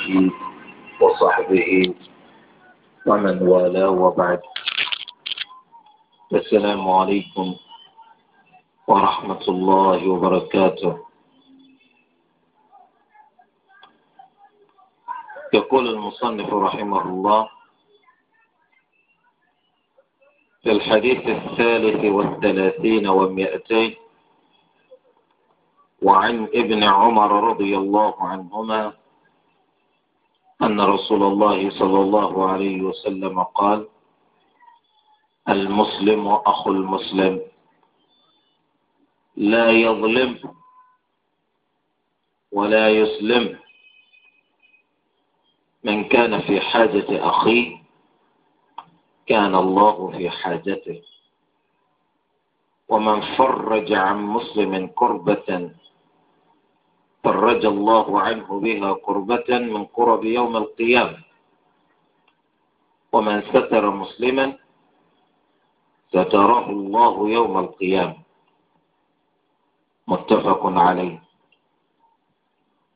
آله وصحبه ومن والاه وبعد السلام عليكم ورحمة الله وبركاته يقول المصنف رحمه الله في الحديث الثالث والثلاثين ومئتين وعن ابن عمر رضي الله عنهما أن رسول الله صلى الله عليه وسلم قال المسلم أخو المسلم لا يظلم ولا يسلم من كان في حاجة أخيه كان الله في حاجته ومن فرج عن مسلم كربة فرج الله عنه بها قربة من قرب يوم القيامة ومن ستر مسلما ستره الله يوم القيامة متفق عليه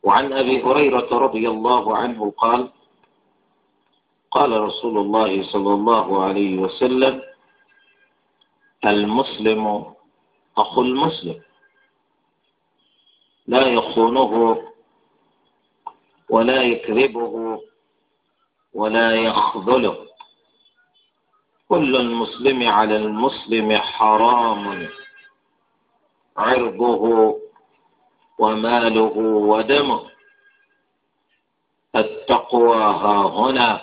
وعن أبي هريرة رضي الله عنه قال قال رسول الله صلى الله عليه وسلم المسلم أخو المسلم لا يخونه ولا يكذبه ولا يخذله كل المسلم على المسلم حرام عرضه وماله ودمه التقوى ها هنا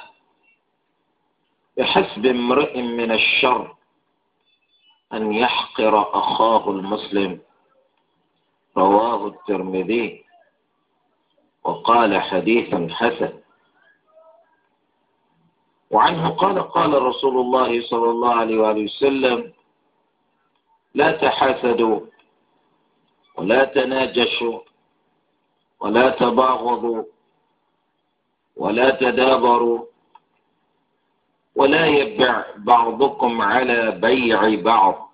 بحسب امرئ من الشر أن يحقر أخاه المسلم رواه الترمذي وقال حديث حسن وعنه قال قال رسول الله صلى الله عليه وآله وسلم لا تحاسدوا ولا تناجشوا ولا تباغضوا ولا تدابروا ولا يبع بعضكم على بيع بعض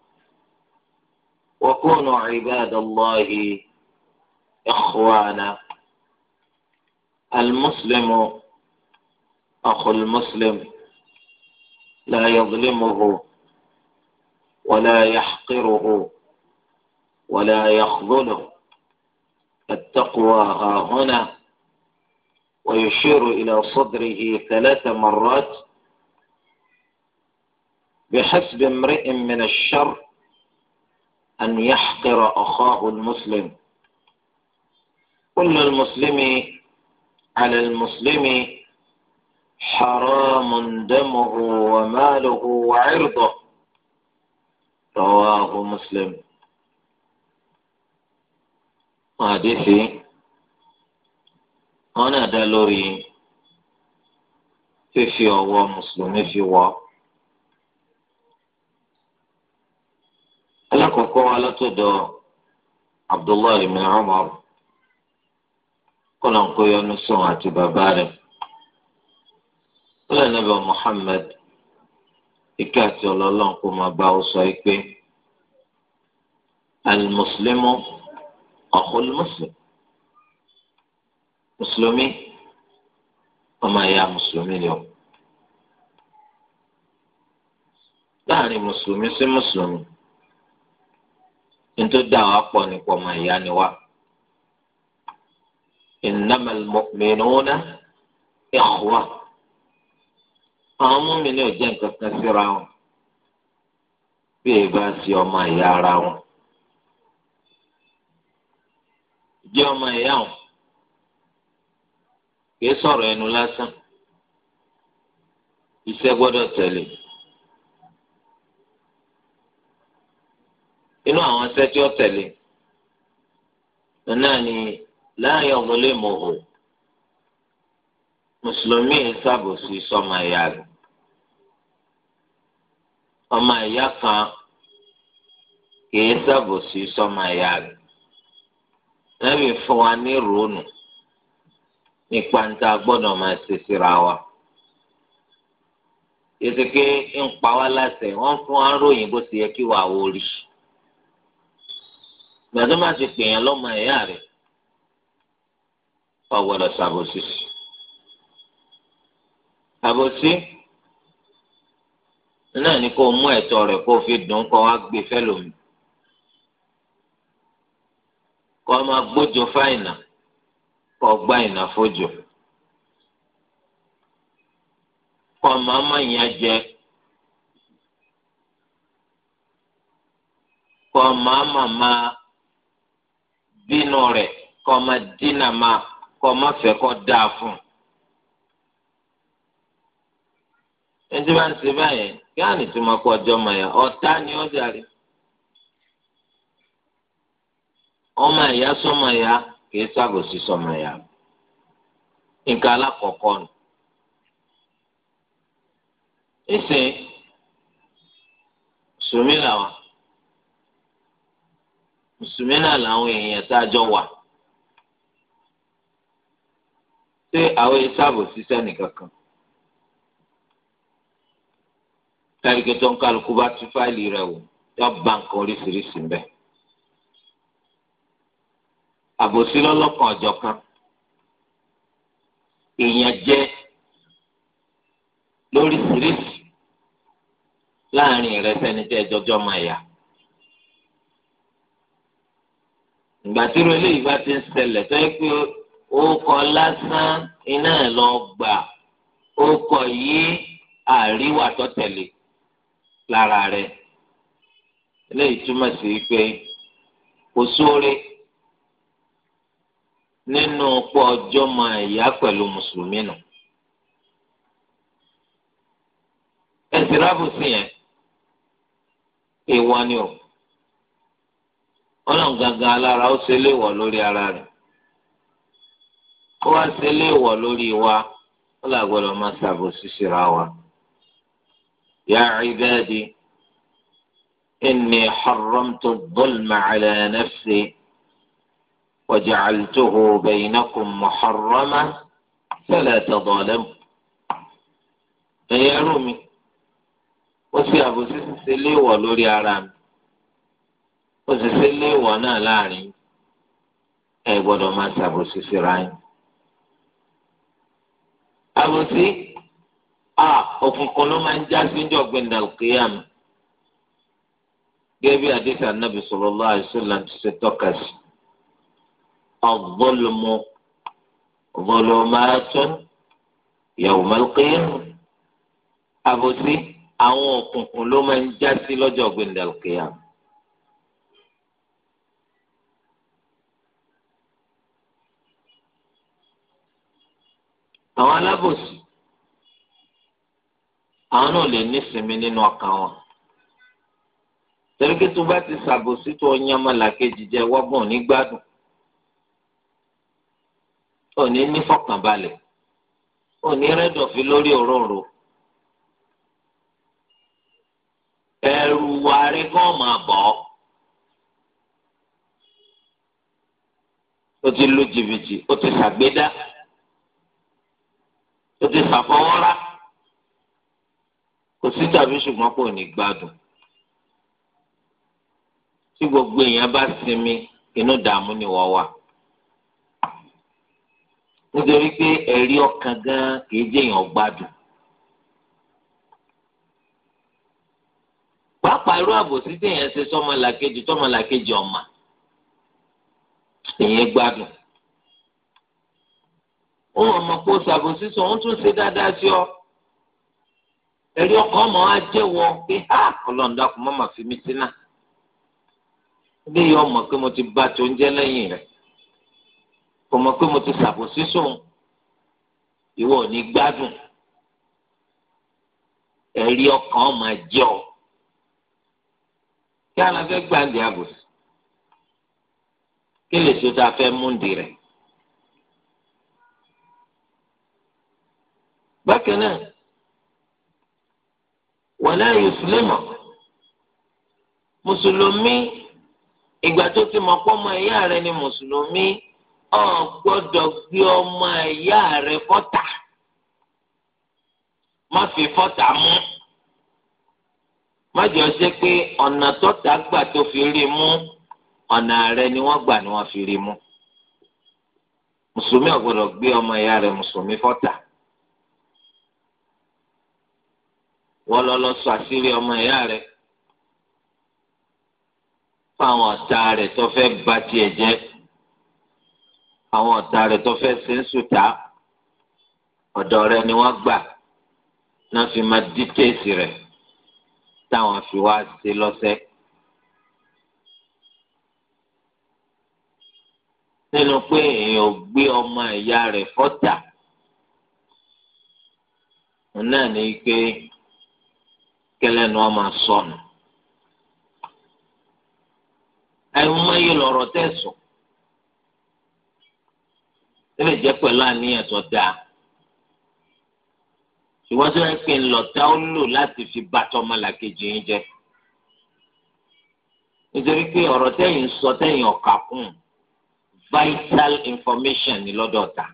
وكونوا عباد الله إخوانا المسلم أخو المسلم لا يظلمه ولا يحقره ولا يخذله التقوى ها هنا ويشير إلى صدره ثلاث مرات بحسب امرئ من الشر أن يحقر أخاه المسلم كل المسلم على المسلم حرام دمه وماله وعرضه رواه مسلم حديثي أنا دلوري في في ọwọ́ مسلم في wọ́ alákọ̀ọ́kọ́ alátọ̀dọ̀ abdullahi ibn umar kọ́nà ń kó yọnu sùn àti bàbá rẹ̀ wọ́n lẹ́nu bá muhammed ike àti ọlọ́lọ́n kó máa bá ọ sọ pé alimuslimu ọ̀hún muslim mùsùlùmí ọmọ ẹ̀yà mùsùlùmí ni láàrin mùsùlùmí sí mùsùlùmí. nítorí da àwọn pọ̀ nípa ọmọ ìyá ni wá. innamal mu'minuna ikhwa àwọn múmi ní ọ̀jẹ̀ nǹkan kan síra wọn bí èyí bá sí ọmọ ìyá ara wọn. jẹ́ ọmọ ìyá wọn kì í sọ̀rọ̀ ẹnu lásán iṣẹ́ gbọ́dọ̀ inú àwọn ẹsẹ̀ tí ó tẹ̀lé náà ni láàyè ọmọlé mọ̀hó mùsùlùmí ń ṣàbòsí sọ́mọ ìyá rẹ̀ ọmọ ìyá kan kìí ṣàbòsí sọ́mọ ìyá rẹ̀ lẹ́yìn fún wa ní ròónù nípa níta gbọ́dọ̀ máa ṣe síra wa yìí ti ké ń pa wá láṣẹ wọ́n fún wa ń ròyìn bó ti yẹ kí wàá wọlé gbàdúrà má ti pè yàn lọ́mọ ẹ̀yà rẹ̀ ọ̀gbọ́dọ̀ ṣàbòsí. àbòsí náà ni kó mú ẹ̀tọ́ rẹ̀ kó fi dùn kó wá gbé fẹ́lòmí. kó máa gbójú fáìnà kó gbá ìnà fójò. kó máa má yàn jẹ. kó máa má máa bínú rẹ̀ kọ́ ọmọ dínà máa kọ́ ọmọ fẹ́ kọ́ dáa fún un. ẹni tí wọ́n ń ṣe báyẹn kí á nì tí mo kọ́ ọjọ́ mọ̀ yẹn ọ̀tá ni ó jàre. ọmọ ìyá sọmọ ìyá kìí ṣàgòsí sọmọ ìyá nǹkan alákọ̀ọ́kọ́ nù. ìsìn sùnmí làwọn mùsùlùmí náà làwọn èèyàn tá a jọ wà ṣé àwọn ìṣàbò ṣiṣẹ́ nìkan kan tàbíkẹ tó ń kálukú bá tú fáìlì rẹ̀ wò yọ bá nǹkan oríṣiríṣi ń bẹ àbòsí lọ́lọ́kan ọjọ́ kan èèyàn jẹ́ lóríṣiríṣi láàrin ìrẹsẹ̀ ní ẹjọ́jọ́ máa yà. ìgbà tí irú eléyìí bá ti ń ṣẹlẹ̀ tó yẹ pé ó kọ lásán iná ẹ̀ lọ gbà ó kọ yí àríwá tó tẹ̀lé lára rẹ̀ eléyìí túmọ̀ sí pé kò sóore nínú pọ̀ ọjọ́ máa yá pẹ̀lú mùsùlùmí nù. ẹ̀sìn rábùsì yẹn èèwọ̀ ni o ọlọ́run gangan alára ó ṣe léèwọ̀ lórí ara rẹ̀ ó wá ṣe léèwọ̀ lórí wa ó là gbọ́dọ̀ máa ṣàbò ṣíṣíra wa. ya ibadi inni harramtu dhulma ala nafsi wa ja'altuhu baynakum muharrama fala tadalamu. ẹ̀yin ẹrú ó ṣe àbòsí ṣíṣe léèwọ̀ lórí ara mi ó sì ṣe léèwọ̀ náà láàrin ẹ gbọ́dọ̀ máa ṣàbòsí síra yín. àbòsí a òkùnkùn ló máa ń já sí ní ọ̀gbìn dàlùkìyàm gẹ́gẹ́ bí àdìsá nàbì sallallahu alaihi wasallam ti ṣe tọ́ka sí ọ̀gbọ́lùmọ́ ọ̀gbọ́lùmọ́ràtún yawmal qiyamah àbòsí àwọn òkùnkùn ló máa ń já sí àwọn alábòsí àwọn náà lè nísinmi nínú ọkàn wọn torí pé tó bá ti ṣàbòsí tó ọyàmọlàkejì jẹ wọgbọn nígbàdùn òní nífọ̀kànbalẹ̀ òní rẹdọfí lórí òróǹro ẹrù wàrí kọ́ máa bọ̀ ọ́ ó ti lu jìbìtì ó ti ṣàgbédá ó ti fàfọwọ́rá kò sí tàbí ṣùgbọ́n kò ní gbádùn tí gbogbo èèyàn bá sinmi inú dààmú ni wọ́n wà nítorí pé ẹ̀rí ọkàn gan kìí jẹ́ èèyàn gbádùn. pàápàá irú àbòsí téèyàn ṣe sọ́mọlàkejì tọ́mọlàkejì ọ̀mà èèyàn gbádùn ó mọ̀ mọ̀ pé o ṣàbòsí sọ òun tún ṣe dáadáa sí ọ ẹ̀rí ọkọ̀ ọmọ wa jẹ́wọ́ pé ha ọlọ́run dákun mọ́ màá fi mí sínà ilé yìí ọmọ pé mo ti bá tó ń jẹ́ lẹ́yìn rẹ̀ kò mọ̀ pé mo ti ṣàbòsí sóun ìwọ ò ní gbádùn ẹ̀rí ọkàn ọmọ jẹ́ ọ kí aláfẹ́ gbàǹdì àbòsí kí lè so tá a fẹ́ múndì rẹ̀ bákan náà wàlẹ́ yùsùlẹ́mọ̀ mùsùlùmí ìgbà tó ti mọ̀ pọ́ ọmọ ẹ̀yà rẹ ni mùsùlùmí ò gbọ́dọ̀ gbé ọmọ ẹ̀yà rẹ fọ́tà má fi fọ́tà mú má jọ ṣe pé ọ̀nà tọ́tà gbà tó fi rí mú ọ̀nà rẹ ni wọ́n gbà ni wọ́n fi rí mú mùsùlùmí ò gbé ọmọ ẹ̀yà rẹ mùsùlùmí fọ́tà. wọ́n lọ lọ sọ àṣírí ọmọ ìyá rẹ̀ fáwọn ọ̀tá rẹ̀ tó fẹ́ ba tiẹ̀ jẹ́ àwọn ọ̀tá rẹ̀ tó fẹ́ ṣe ń sùtá ọ̀dọ̀ rẹ̀ ni wọ́n gbà náà fi máa díkèsì rẹ̀ táwọn fi wá ṣe lọ́sẹ̀. nínú pé èèyàn gbé ọmọ ìyá rẹ̀ fọ́tà náà ní pé kẹlẹ́nu ọmọ sọnù àìmọye lọ̀rọ̀ tẹ̀sọ̀ ó lè jẹ́ pẹ̀lú àníyàn tó dáa ṣùgbọ́n tó yẹ pé ńlọ̀tá ó lò láti fi bá tọmọlàkejì yín jẹ nítorí pé ọ̀rọ̀ tẹ̀yìn sọ tẹ̀yìn ọ̀kà kún vital information ni lọ́dọ̀ ta.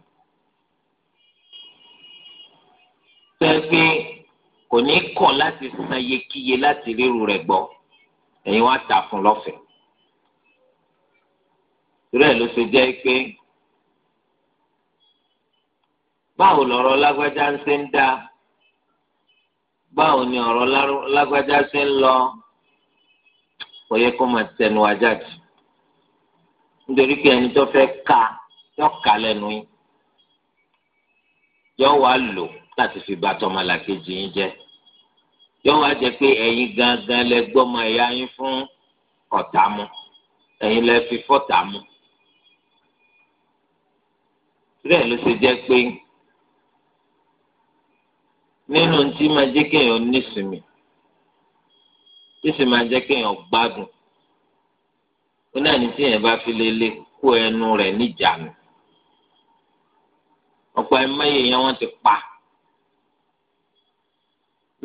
tẹ́ pé kò ní kọ̀ láti san iyekíye láti ríru rẹ̀ gbọ́ ẹ̀yin wá tà fún lọ́fẹ̀ẹ́. ìrẹ́ ló ṣe jẹ́ pé báwo lọ̀rọ̀ lágbájá ń ṣe ń dá báwo ni ọ̀rọ̀ lágbájá ṣe ń lọ kò yẹ kó máa tẹnu ajáde nítorí pé ẹni tó fẹ́ ka yọ ká lẹ́nu yìí yọ wá lò láti fi ba tọmọlàkejì yín jẹ́ yọ wá jẹ́ pé ẹ̀yin gangan lẹ gbọ́mọ ẹ̀yà yín fún ọ̀tá mu ẹ̀yin lẹ fi fọ́tá mu bẹ́ẹ̀ ló ṣe jẹ́ pé nínú tí máa jẹ́ kéèyàn nísìmì tí sì máa jẹ́ kéèyàn gbádùn ó náà ní tí bá fi lè lè kó ẹnu rẹ̀ níjànú ọ̀pọ̀ ẹ̀mọ́ yẹn wọ́n ti pa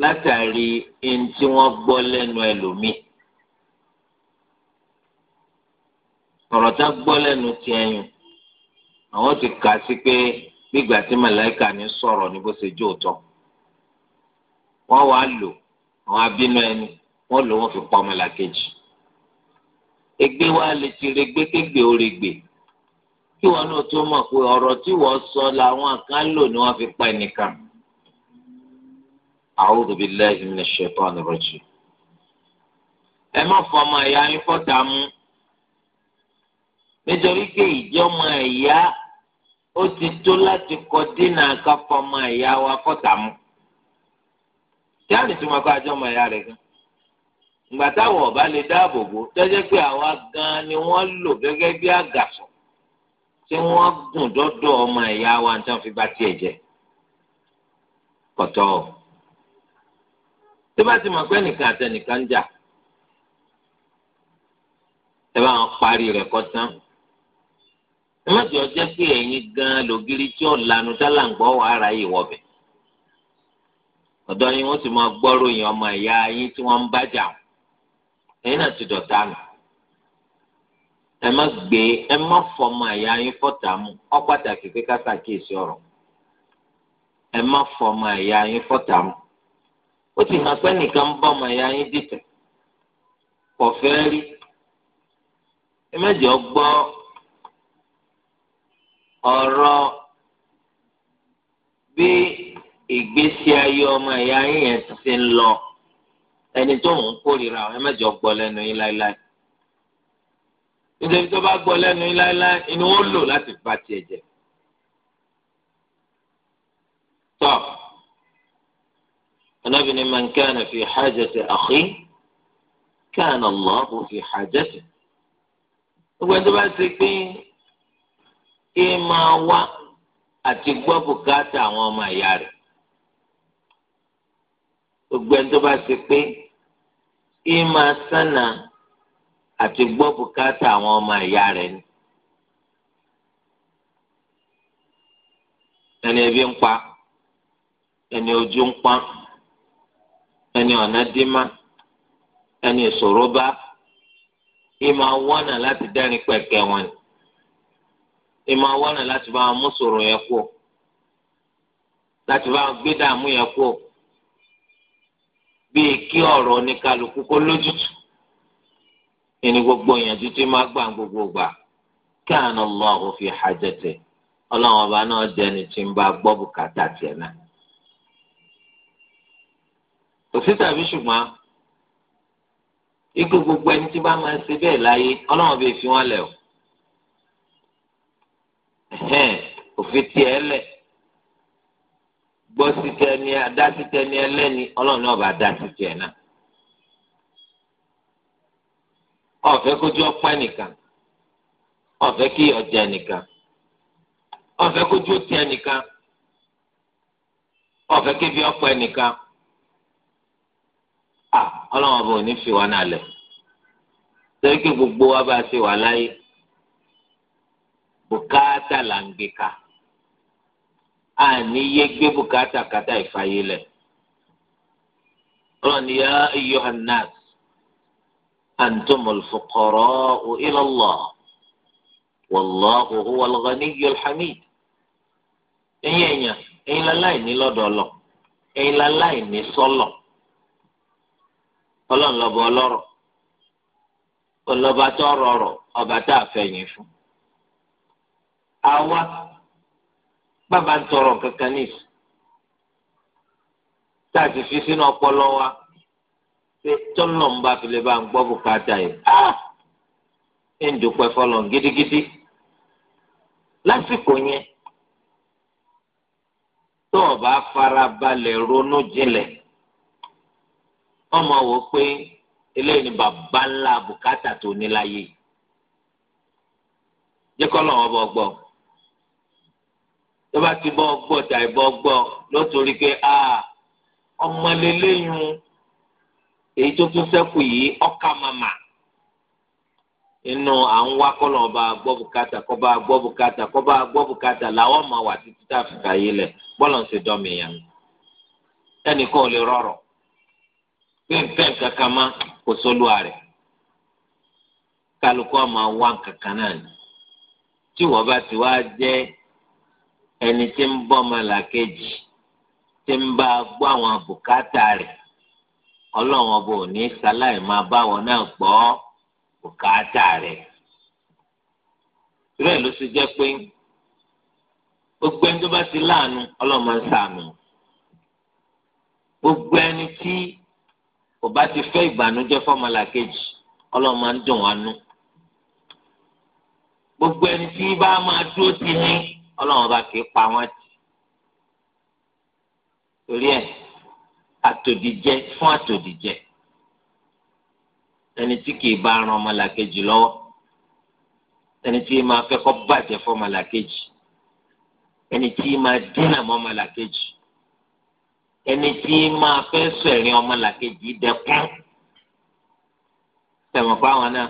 látàrí ẹni tí wọ́n gbọ́ lẹ́nu ẹlòmíì. ọ̀rọ̀ tá gbọ́ lẹ́nu ti ẹyìn àwọn ti kà sí pé gbígbà tí màláìka ní sọ̀rọ̀ ní bó ṣe jó tọ̀ wọ́n wàá lò àwọn abínú ẹni wọ́n lò wọ́n fi pa ọmọlàkejì ègbé wa lè ti regbé kégbé ó regbé kí wọn náà tó mọ̀ pé ọ̀rọ̀ tí wọ́n sọ làwọn kan lò wọ́n fi pa ẹnìkan. أعوذ بالله من الشيطان الرجيم ẹ má fọ ọmọ ẹ̀yà yín fọ́tà mú nítorí pé ìjọ ọmọ ẹ̀yà ó ti tó láti kọ dínà ká wa mú kí á ọmọ rẹ gan ìgbà táwọn ọba lè dáàbò bò ni wọn lò gẹ́gẹ́ bí àgàsọ̀ tí wọn gùn ọmọ ẹ̀yà wa fi bá jẹ. tí bá ti mọ̀ pé nìkan àtẹnìkan ń jà ẹ bá wọn parí rẹ kọ́ tán ẹ má jẹ́ pé ẹ̀yin gan-an lògiri tí lanu dálàǹgbọ́ wà ara yìí wọ̀bẹ̀ ọ̀dọ́ yín wọ́n ti mọ gbọ́rò yín ọmọ ẹ̀yà yín tí wọ́n ń bá ti nù ẹ má gbé ẹ má fọmọ yín ọ pàtàkì pé ọ̀rọ̀ ẹ má fọmọ yín ó ti hàn pé nìkan ń bọ́ ọmọ ìyá yín dìtẹ̀ kò fẹ́ rí ẹ mẹ́jọ gbọ́ ọ̀rọ̀ bí ìgbésí ayé ọmọ ìyá yín yẹn ti ṣe ń lọ ẹni tó ń kórìíra ẹ mẹ́jọ gbọ́ lẹ́nu yín láéláé nítorí tó bá gbọ́ lẹ́nu yín láéláé inú ó lò láti bá tiẹ̀ jẹ́ tọ́. Ànábì ní man kana fi hajati akhi kana Allahu fi hajati. gbogbo ẹni tó bá ṣe pé kí máa wá àti gbọ́ bùkátà àwọn ọmọ ìyá rẹ̀ gbogbo ẹni tó bá ṣe pé kí máa sànà àti gbọ́ bùkátà àwọn ọmọ ìyá rẹ̀ ni. ẹni ebi ń pa ẹni ojú ń pa. ẹni ọ̀nà dímá ẹni ìṣòro bá ìmọ̀ wọ́nà láti dẹ́rìn pẹ̀kẹ́ wọn ni ìmọ̀ wọ́nà láti bá wọn mú ṣòro yẹn kú láti bá wọn gbé dààmú yẹn kú bíi kí ọ̀rọ̀ kó lójútù ẹni gbogbo ìyànjú tí máa gbà gbogbo gbà fi hajati ọlọ́run ọba náà jẹ́ ẹni tí ń bá gbọ́ bùkátà tiẹ̀ òfin tàbí ṣùgbọ́n ikú gbogbo ẹni tí bá máa ń ṣe bẹ́ẹ̀ láyé ọlọ́run bẹ́ẹ̀ fi wọ́n lẹ̀ o òfin tiẹ̀ lẹ̀ gbọ́ sí ni adá sí tẹni ẹlẹ́ni ọlọ́run náà bá dá sí tiẹ̀ náà ọ̀fẹ́ kójú ọpẹ́ nìkan ọ̀fẹ́ kí ọjà nìkan ọ̀fẹ́ kójú ọtí ẹnìkan ọ̀fẹ́ kébi ọpẹ́ nìkan à ọlọ́run ọba ò ní fi wá náà lẹ̀ torí pé gbogbo wa bá ṣe wà láyé bùkátà là ń gbé ka àní yé gbé bùkátà kátà ìfàyè lẹ̀ ọlọ́run ni yá ayyuhan antumul fuqara'u ila Allah wallahu huwal ghaniyyul hamid ẹ̀yin ẹ̀yàn ẹ̀yin láláì ní lọ́dọ̀ ẹ̀yin láláì ní sọ́lọ̀ ọlọ́run lọ́ba ọlọ́rọ̀ ọlọ́ba tó rọrọ̀ ọba tá a fẹ̀yìn fún. àwa bàbá ń tọrọ kankan nìyí tá a ti fi sínú ọpọlọ wa pé tọ́lọ̀ ń bá filẹ̀ bá ń gbọ́ bùkátà yìí ẹ̀ ah! ń dúpẹ́ fọlọ́ gidigidi lásìkò yẹn tó o bá fara balẹ̀ ronú jinlẹ̀ ọmọ wò pé eléyìí ni bàbá ńlá bùkátà tó ní láyé jẹ́ kọ́ lọ́wọ́ bọ́ gbọ́ tó bá ti bọ́ gbọ́ tàì bọ́ gbọ́ ló torí pé a ọmọ lélẹ́yìn èyí tó tún sẹ́kù yìí ọkà màmá inú wá làwọn ọmọ a fi pínpín kankan má kò sólúwa rẹ̀ kálukú ọmọ wa kankan náà ni tí wọ́n bá ti wá jẹ́ ẹni tí ń bọ́ ọmọlàkejì tí ń bá gbọ́ àwọn bùkátà rẹ̀ ọlọ́run ọba ò ní sáláì máa báwọn náà gbọ́ bùkátà rẹ̀ rẹ̀ ló sì jẹ́ pé gbogbo ẹni tó bá ti láàánú ọlọ́run máa ń ṣàánú gbogbo ẹni tí kò bá ti fẹ́ ìbànújẹ́ fọ́mọlà kejì ọlọ́run máa ń dùn wá nú. gbogbo ẹni tí bá máa dúró ti ní ọlọ́run bá kì í pa wọ́n tì. torí ẹ̀ àtòdìjẹ fún àtòdìjẹ ẹni tí kì í bá ran ọmọlà kejì lọ́wọ́ ẹni tí máa fẹ́ kó bàjẹ́ fọ́mọlà kejì ẹni tí máa dínà mọ́ ọmọlà kejì ẹni tí máa fẹ́ sẹ̀rin ọmọlàkejì dẹkùn tẹ̀mọ̀ fáwọn náà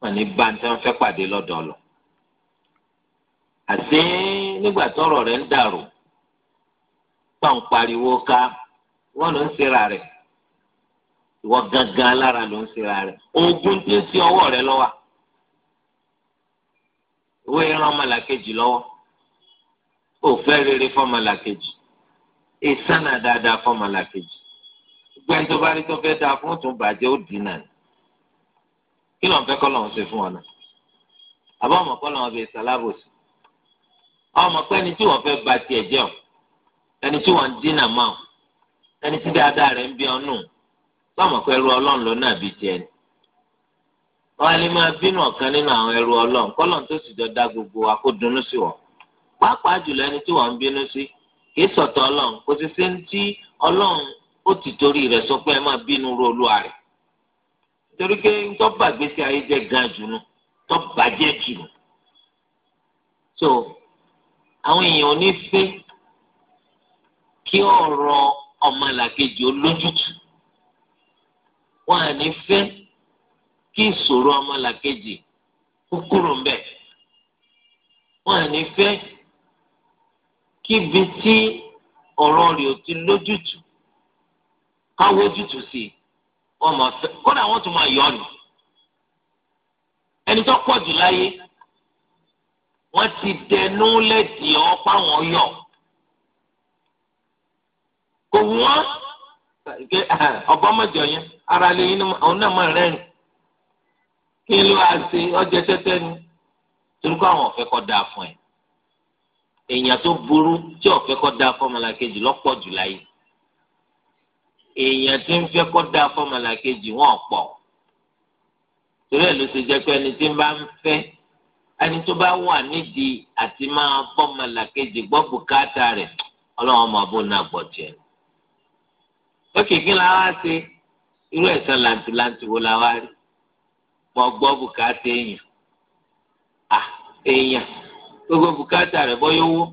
wọn ní bá tí wọn fẹ́ pàdé lọ́dọ̀ lọ. àti nígbà tọ́rọ̀ rẹ̀ ń dàrú tó ń pariwo ká wọn ló ń ṣera rẹ̀ ìwọ gangan lára ló ń ṣera rẹ̀ ogun tí ń sí ọwọ́ rẹ̀ lọ́wọ́ ìwé ìran ọmọlàkejì lọ́wọ́ òfẹ́ rere fọmọlàkejì ìsánà dáadáa fọmọlá kejì gbogbo ẹni tó bá rí tó fẹ́ dáa fún tún bàjẹ́ ó dínà ní kí ló ń fẹ́ kọ́ lọ́wọ́ ṣe fún ọ náà àbọ̀ ọmọ kọ́ lọ́wọ́ bẹ sàlábòsì ọmọ pé ẹni tí wọ́n fẹ́ ba tiẹ̀ jẹ́ ọ ẹni tí wọ́n dínà mọ́ ọ ẹni tí dáadáa rẹ̀ ń bí ọ nù pé ẹrú ọlọ́run ló náà bí tiẹ̀ ni wọ́n á lè máa bínú ọ̀kan nínú àwọn ẹrú ọlọ́run kọ́lọ́n tó sì jọ dá gbogbo wa sí wọ́n pàápàá jùlọ ẹni tí wọ́n ń bínú sí kì í sọ̀tọ̀ ọlọ́run kò sì ṣe ń tí ọlọ́run ó ti torí rẹ̀ sọ pé ẹ máa bínú ru olúwa rẹ̀ torí pé tọ́ba gbèsè ayé jẹ́ gan jù nù tọ́ba jẹ́ jù nù. so àwọn èèyàn ò ní fẹ́ kí ọ̀rọ̀ ọmọlàkejì olójútù wọn à ní fẹ́ kí ìṣòro ọmọlàkejì kúkúrò ń bẹ̀ wọn à ní fẹ́ kíbi tí ọ̀rọ̀ rẹ̀ ò ti lójútùú káwọ́ ojútùú sí wọ́n máa fẹ́ kódà wọ́n tún máa yọ ọ́ nù. ẹni tó pọ̀ jù láyé wọ́n ti dẹnu lẹ́dìí ọ́ páwọn yọ. kò wù wọ́n ọgbọ́mọjọ yẹn ara lè yín òun náà máa rẹ́rìn kí ló á ṣe ọjọ́ tẹ́tẹ́ ni torí kó àwọn ọ̀fẹ́ kọ́ dáa fún ẹ èèyàn tó burú tí ó fẹ́ kó dáa fọ́mọlá kejì lọ́pọ̀ jù láyé èèyàn tí ń fẹ́ kó dáa fọ́mọlá kejì wọn pọ̀ torí ẹ̀ ló ṣe jẹ́ pé ẹni tí ń bá ń fẹ́ ẹni tó bá wà nídìí àti máa fọ́mọlá kejì gbọ́ bùkátà rẹ̀ ọlọ́run máa bó náà gbọ́ tiẹ̀. ó kìkì la wá ṣe irú ẹ̀sán làǹtìlàǹtì wo la wá rí mọ́ gbọ́ bùkátà èèyàn à èèyàn gbogbo bùkátà rẹ̀ bọ́ yówó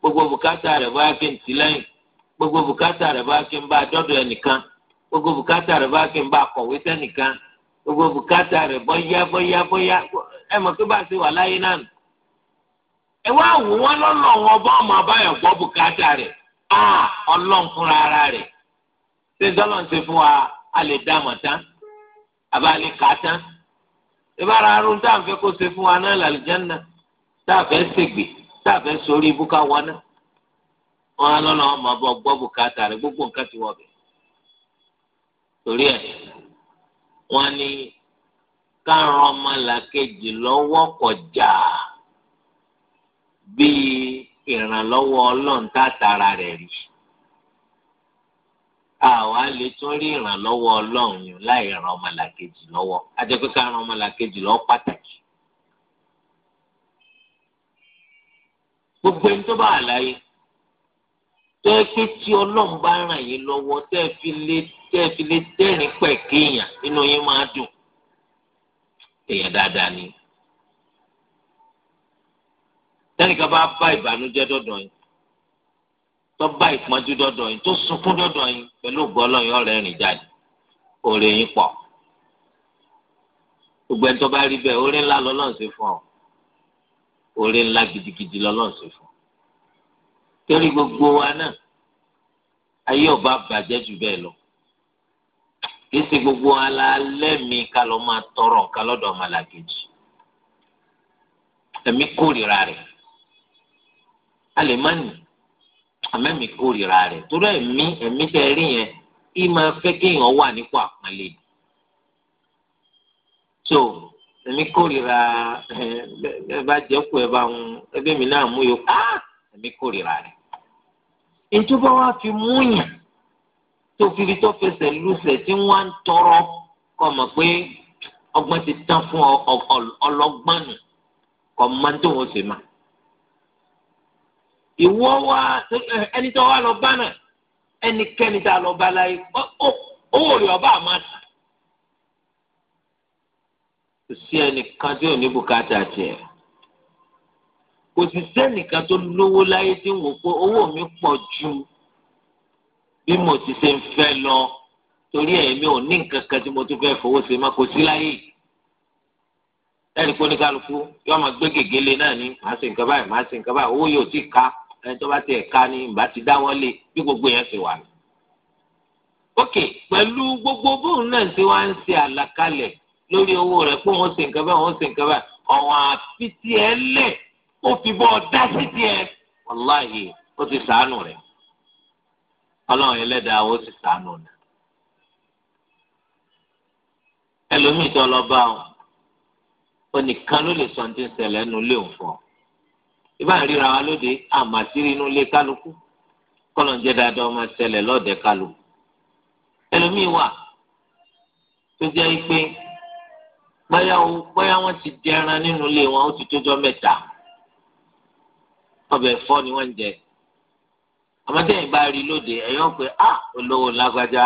gbogbo bùkátà rẹ̀ bọ́ yá kí n tì lẹ́yìn gbogbo bùkátà rẹ̀ bọ́ yá kí n bá dọ́dọ̀ ẹnìkan gbogbo bùkátà rẹ̀ bọ́ yá kí n bá kọ̀wé sẹ́nìkan gbogbo bùkátà rẹ̀ bọ́ yá bọ́ yá bọ́ ya ẹ mọ̀ pé bá a ṣe wà láyé náà nù. ẹ wá wò wọn lọ́nà wọn bá ọmọ abáyọ̀ gbọ́ bùkátà rẹ̀ á ọlọ́run fúnra ara rẹ̀ ṣé dọ́là ń ṣe fún wa a lè dá mọ̀ tán àbá a lè kà á tán ìbára arúgbó fẹ́ kó ṣe fún wa náà làlùjẹ́ náà táàfẹ́ ṣègbè táàfẹ́ sórí ibùkà wọná wọn á lọ́nà ọmọ bọ gbọ́ bùkátà rẹ gbogbo nǹkan ti wọ̀ bẹ̀. torí ẹ̀ wọ́n ní kárán ọmọlàkejì lọ́wọ́ kọjá bíi ìrànlọ́wọ́ ọlọ́run tààtàrà rẹ̀ rí àwa lè tún rí ìrànlọ́wọ́ ọlọ́run yìí láì ran ọmọlàkejì lọ́wọ́ ajẹ́ pé kárán ọmọlàkejì lọ́wọ́ pàtàkì gbogbo ẹni tó bá àlàyé tẹ́ pé tí ọlọ́run bá ràn yín lọ́wọ́ tẹ́ fi lé tẹ́ fi lé tẹ́rìn pẹ̀ kéèyàn nínú yín máa dùn èèyàn dáadáa ni. tẹ́nìkan bá bá ìbànújẹ́ dọ́dọ̀ yín tó bá ìpọ́njú dọ́dọ̀ yín tó sunkún dọ́dọ̀ yín pẹ̀lú ògbọ́ ọlọ́run ọ̀rẹ́ rìn jáde òòrè yín pọ̀ gbogbo ẹni tó bá rí bẹ́ẹ̀ orí ńlá lọ́lọ́run ṣe fún ọ oore ńlá gidigidi lọ́lọ́run ṣe fún torí gbogbo wa náà ayé ọba bàjẹ́ jù bẹ́ẹ̀ lọ kìí ṣe gbogbo alálẹ́ mi ká lọ máa tọrọ nǹkan lọ́dọ̀ ọmọlàkejì ẹ̀mí kórìíra rẹ̀ a lè má nì àmẹ́mí kórìíra rẹ̀ torí ẹ̀mí ẹ̀mí tẹ́ rí yẹn kí máa fẹ́ kéèyàn wà nípò àpọ́nlé so èmi kórìíra ẹ bá jẹ́kù ẹ bá ń ẹbí mi náà mú yòókù ah! èmi kórìíra rẹ̀. ìjọba wa fi múyàn tó fi rí tó fẹsẹ̀ lùsẹ̀ tí wọ́n á ń tọrọ kọ́ mọ̀ pé ọgbọ́n ti tán fún ọlọ́gbọ́n nù kọ́ máa ń tó wọn sì mà. ìwọ wa ẹni tó wà lọ bá náà ẹnikẹ́ni tá a lọ bá láyé ó rí ọba àmọ́ kò sí ẹnìkan tí ò ní bùkátà tiẹ̀ kò sì sẹ́nìkan tó lówó láyé tí ń wò pé owó mi pọ̀ ju bí mo ti ṣe ń fẹ́ lọ torí ẹ̀mí ò ní nǹkan kan tí mo tún fẹ́ fowó ṣe má kò sí láyé yìí ẹnì kó ní kálukú yóò máa gbé gègéle náà ní màá ṣe nǹkan báyìí màá ṣe nǹkan báyìí owó yóò ti ká ẹni tó bá ti ẹ̀ka ní ìbá ti dáwọ́lé bí gbogbo yẹn ṣe wà ok pẹ̀lú gbogbo bóun náà tí wọ́n ń ṣe àlàkalẹ̀ lórí owó rẹ̀ pé wọ́n ṣe nǹkan báyìí wọ́n ṣe nǹkan báyìí ọ̀wọ́n àfi tiẹ̀ lẹ̀ ó fi bọ́ ọ dá sí tiẹ̀ wàláhì ó ti sàánù rẹ̀ ọlọ́run ẹlẹ́dàá ó ti sàánù rẹ̀ ẹlòmíì tó lọ bá ọ ó nìkan ló lè sọ ní ṣẹlẹ̀ ẹnu lé òun fọ ìbá ríra wa lóde àmàtírí inú lé kálukú kọ́lọ̀ jẹ́ dáadáa ọmọ ṣẹlẹ̀ lọ́ọ̀dẹ kálukú ẹlòmíì wà tó jẹ́ pé báyà ó báyà wọ́n ti di ẹran nínú ilé wọn ó ti tójọ́ mẹ́ta ọbẹ̀ ẹ̀fọ́ ni wọ́n ń jẹ àmọ́tẹ́yìn bá rí lóde ẹ̀yọ́ pé a ah, olówó lágbájá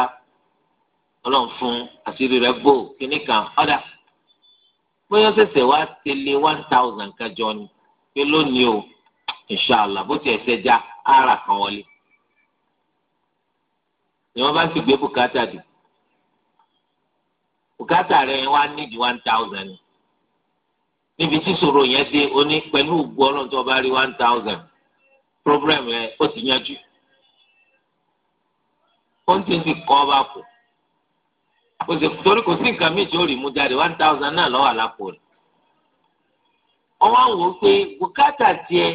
ọlọ́run fún àṣírí rẹ̀ bò kíní kan ọ̀dà bóyá ṣẹ̀ṣẹ̀ wá tẹ̀lé one thousand kájọ ni pé lónìí o inshallah bó ti ẹ̀ṣẹ̀ já ara kan wọlé ni wọ́n bá sì gbé bùkátà dì bùkátà rẹ wá di one thousand níbi tí ìṣòro yẹn dé o ní pẹ̀lú ògbó ọlọ́run tó bá rí one thousand problem rẹ ó ti yanjú ó ń tètè kọ́ ọ bá kù kò sì torí kò sí nǹkan méjì ó rí mú jáde one thousand náà lọ́wọ́ àlápò rẹ̀ ọwọ́ àwọn wò pé bùkátà tiẹ̀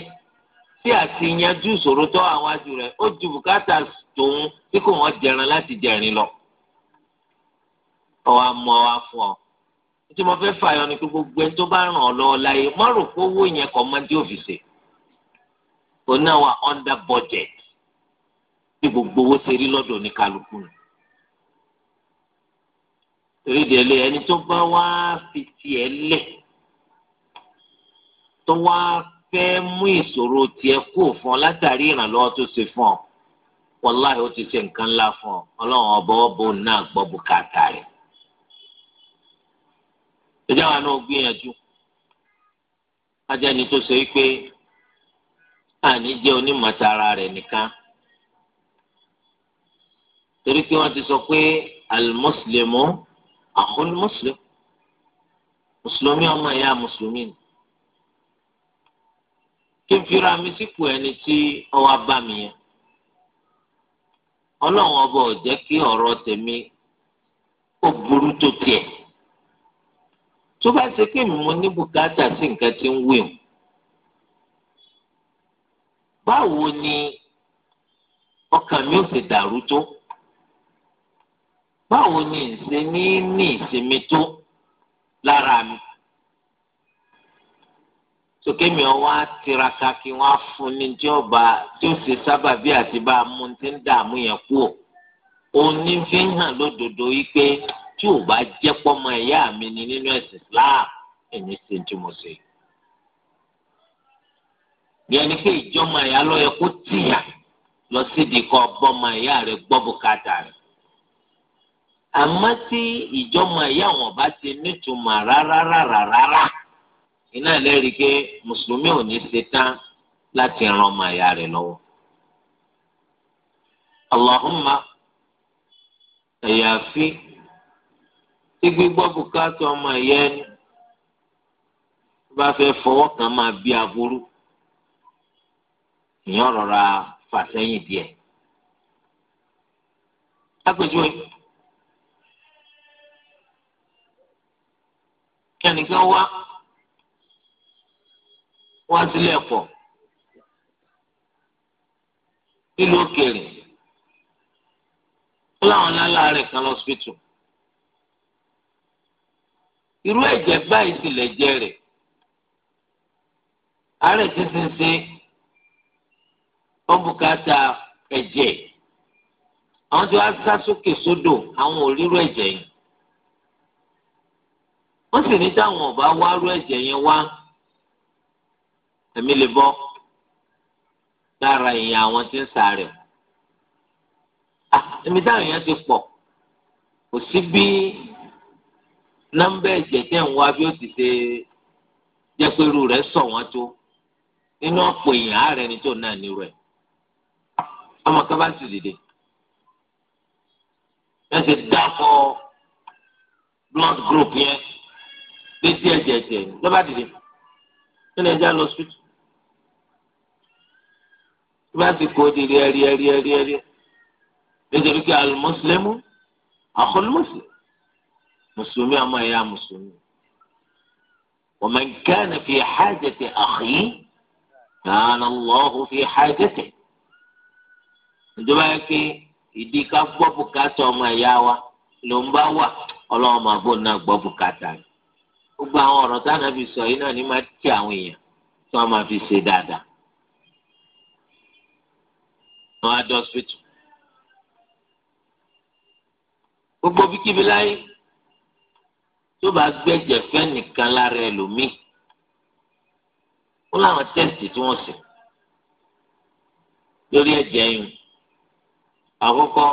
tí àti yanjú ìṣòro tó àwọn ajú rẹ̀ ó ju bùkátà tòun tí kò wọ́n jẹran láti jẹrin lọ. ọwọ́ amọ̀ wa fún ọ tí mo fààyàn ni gbogbo ẹni tó bá ràn ọ́ lọ́wọ́ láyé má rò owó yẹn kọ́ máa dé òfìsè òun náà wà under budget bí gbogbo owó ṣe rí ní kálukú torí ẹni tó bá wá fi tó wá mú ìṣòro kó fún ọ látàrí tó ṣe fún ọ ọ náà ìjà wa náà gbìyànjú ajẹni tó ṣe pé àní jẹ́ onímọ̀ta ara rẹ̀ nìkan torí pé wọ́n ti sọ pé alimuslimu àkọlù muslim mùsùlùmí ọmọ ìyá mùsùlùmí ni kí n fira mi sípò ẹni tí ọwọ́ bá mi yẹn ọlọ́run ọba ò jẹ́ kí ọ̀rọ̀ tèmi ó burú tó tiẹ̀. tó bá ṣe pé mo ní bùkátà sí nǹkan tí ń wí o báwo ni ọkàn mi ò ṣe dàrú tó báwo ni ìṣe ní ní ìsinmi tó lára mi sókè mi ọ wá tiraka kí wọn á fún ní jọba tí ó ṣe sábàbí àti bá a mú ti ń dààmú yẹn kú ò òun ní fi hàn lódodo yìí pé tí ò bá jẹ́ pọ́mọ ẹ̀yà mi ni nínú ẹ̀sìn Islam ẹ̀yìn ṣe ń túmọ̀ sí. yẹn ni pé ìjọmọ ẹ̀yà ló yẹ kó tìyà lọ sídìí kọ bọ́mọ ẹ̀yà rẹ̀ gbọ́ bùkátà rẹ̀. àmọ́ tí ìjọmọ ẹ̀yà wọn bá ti nítumọ̀ rárárárárá iná lẹ́rìí pé mùsùlùmí ò ní ṣe tán láti ran ọmọ ẹ̀yà rẹ̀ lọ́wọ́. Allahumma ẹ̀yà fi tí gbígbọ́ bùkátà ọmọ ẹ̀yẹ ẹni bá fẹ́ fọwọ́ kan máa bí aburú ìyẹn rọra fà sẹ́yìn díẹ̀. lápèjúwe kẹ́nìkan wá wá sílé ẹ̀kọ́ nílùú òkèèrè ó láwọn lálá rẹ̀ kan lọ́sibítù irú ẹ̀jẹ̀ báyìí sì lẹ̀jẹ̀ rẹ̀ àárẹ̀ sísìn ṣe ọ̀bùkátà ẹ̀jẹ̀ àwọn tí wọ́n sá sókè sódò àwọn ò rírú ẹ̀jẹ̀ yìí wọ́n sì ní táwọn ọba wárú ẹ̀jẹ̀ yẹn wá ẹ̀mí lè bọ́ lára èèyàn àwọn tí ń sàárẹ̀ ah, ẹ̀mí táwọn èèyàn ti pọ̀ kò sí bí nọ́mbà ẹ̀jẹ̀ tẹ̀ ń wá bí ó ti ṣe jẹ́ pé irú rẹ̀ sọ̀ wọ́n tó nínú ọ̀pọ̀ èèyàn ààrẹ ni tó náà nírú ẹ̀ ọmọ kan bá sì dìde wọ́n ti dákọ̀ blood group yẹn létí ẹ̀jẹ̀ ẹ̀jẹ̀ lọ́ba dìde nínú ẹ̀jẹ̀ lọ sùtù tí wọ́n ti kó di rí ẹ̀rí ẹ̀rí ẹ̀rí ẹ̀rí nítorí pé alùmọ́sílẹ́mù àkọlùmọ́sílẹ́mù mùsùlùmí ọmọ ẹ̀yà mùsùlùmí wa man kana fi hajati akhi kana Allahu fi hajati ìjọba yẹ kí ìdí ká gbọ́ bùkátà ọmọ ẹ̀yà wa ló ń bá wà ọlọ́run máa bò náà gbọ́ bùkátà ni gbogbo àwọn ọ̀rọ̀ táwọn náà fi sọ yìí náà ní máa ti àwọn èèyàn tí wọ́n máa fi ṣe dáadáa. wọ́n á dọ́sítù. gbogbo bíkíbi láyé tó bá gbẹ̀jẹ̀ fẹ́ nìkan lára ẹlòmíì ó láwọn tẹ́sítì tí wọ́n ṣe lórí ẹ̀jẹ̀ yìí àkọ́kọ́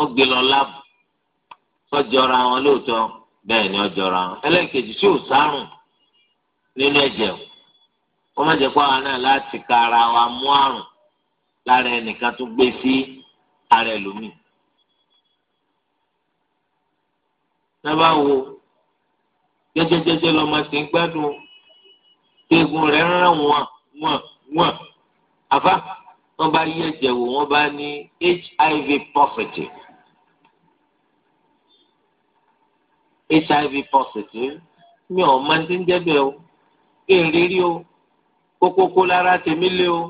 ó gbé lọ láàbù sọ́jọ́ra wọn lóòótọ́ bẹ́ẹ̀ ni ọjọ́ra wọn ẹlẹ́ẹ̀kejì tí ò sárùn nínú ẹ̀jẹ̀ o wọ́n má jẹ́ kó àwọn náà láti ka ara wa mú àrùn lára ẹnìkan tó gbé sí ara ẹlòmíì sábà wo jẹjẹjẹjẹ lọmọ sí gbádùn eegun rẹ̀ rán wọn wọn wọn àfa wọn bá yí ẹ̀jẹ̀ wò wọn bá ní hiv positive hiv positive mi ò máa ti ń jẹbẹ o kí n rírí o kókókó lára tèmi lé o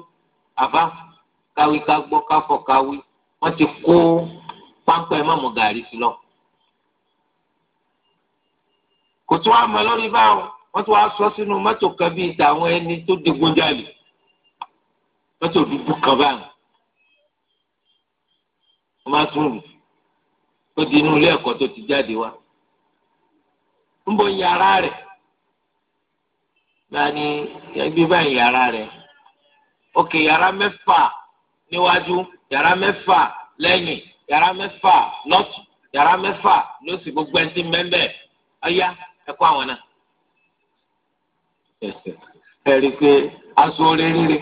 àfa káwí ká gbọ́ ká káwí wọ́n ti kó páńpẹ́ mọ́mú gàrí sí lọ. kò tún wá mọ lórí báwọn wọn tún wá sọ sínú mọtò kan bíi tàwọn ẹni tó digun jalè mọ́tò dúdú kan báyìí wọ́n bá tún di inú ilé ẹ̀kọ́ tó ti jáde wá ń bọ yàrá rẹ̀ lani ẹgbẹ́ báyìí yàrá rẹ̀ òkè yàrá níwájú yàrá yàrá yàrá ẹ kó àwọn náà. ẹ rí i pé aṣọ orí rírì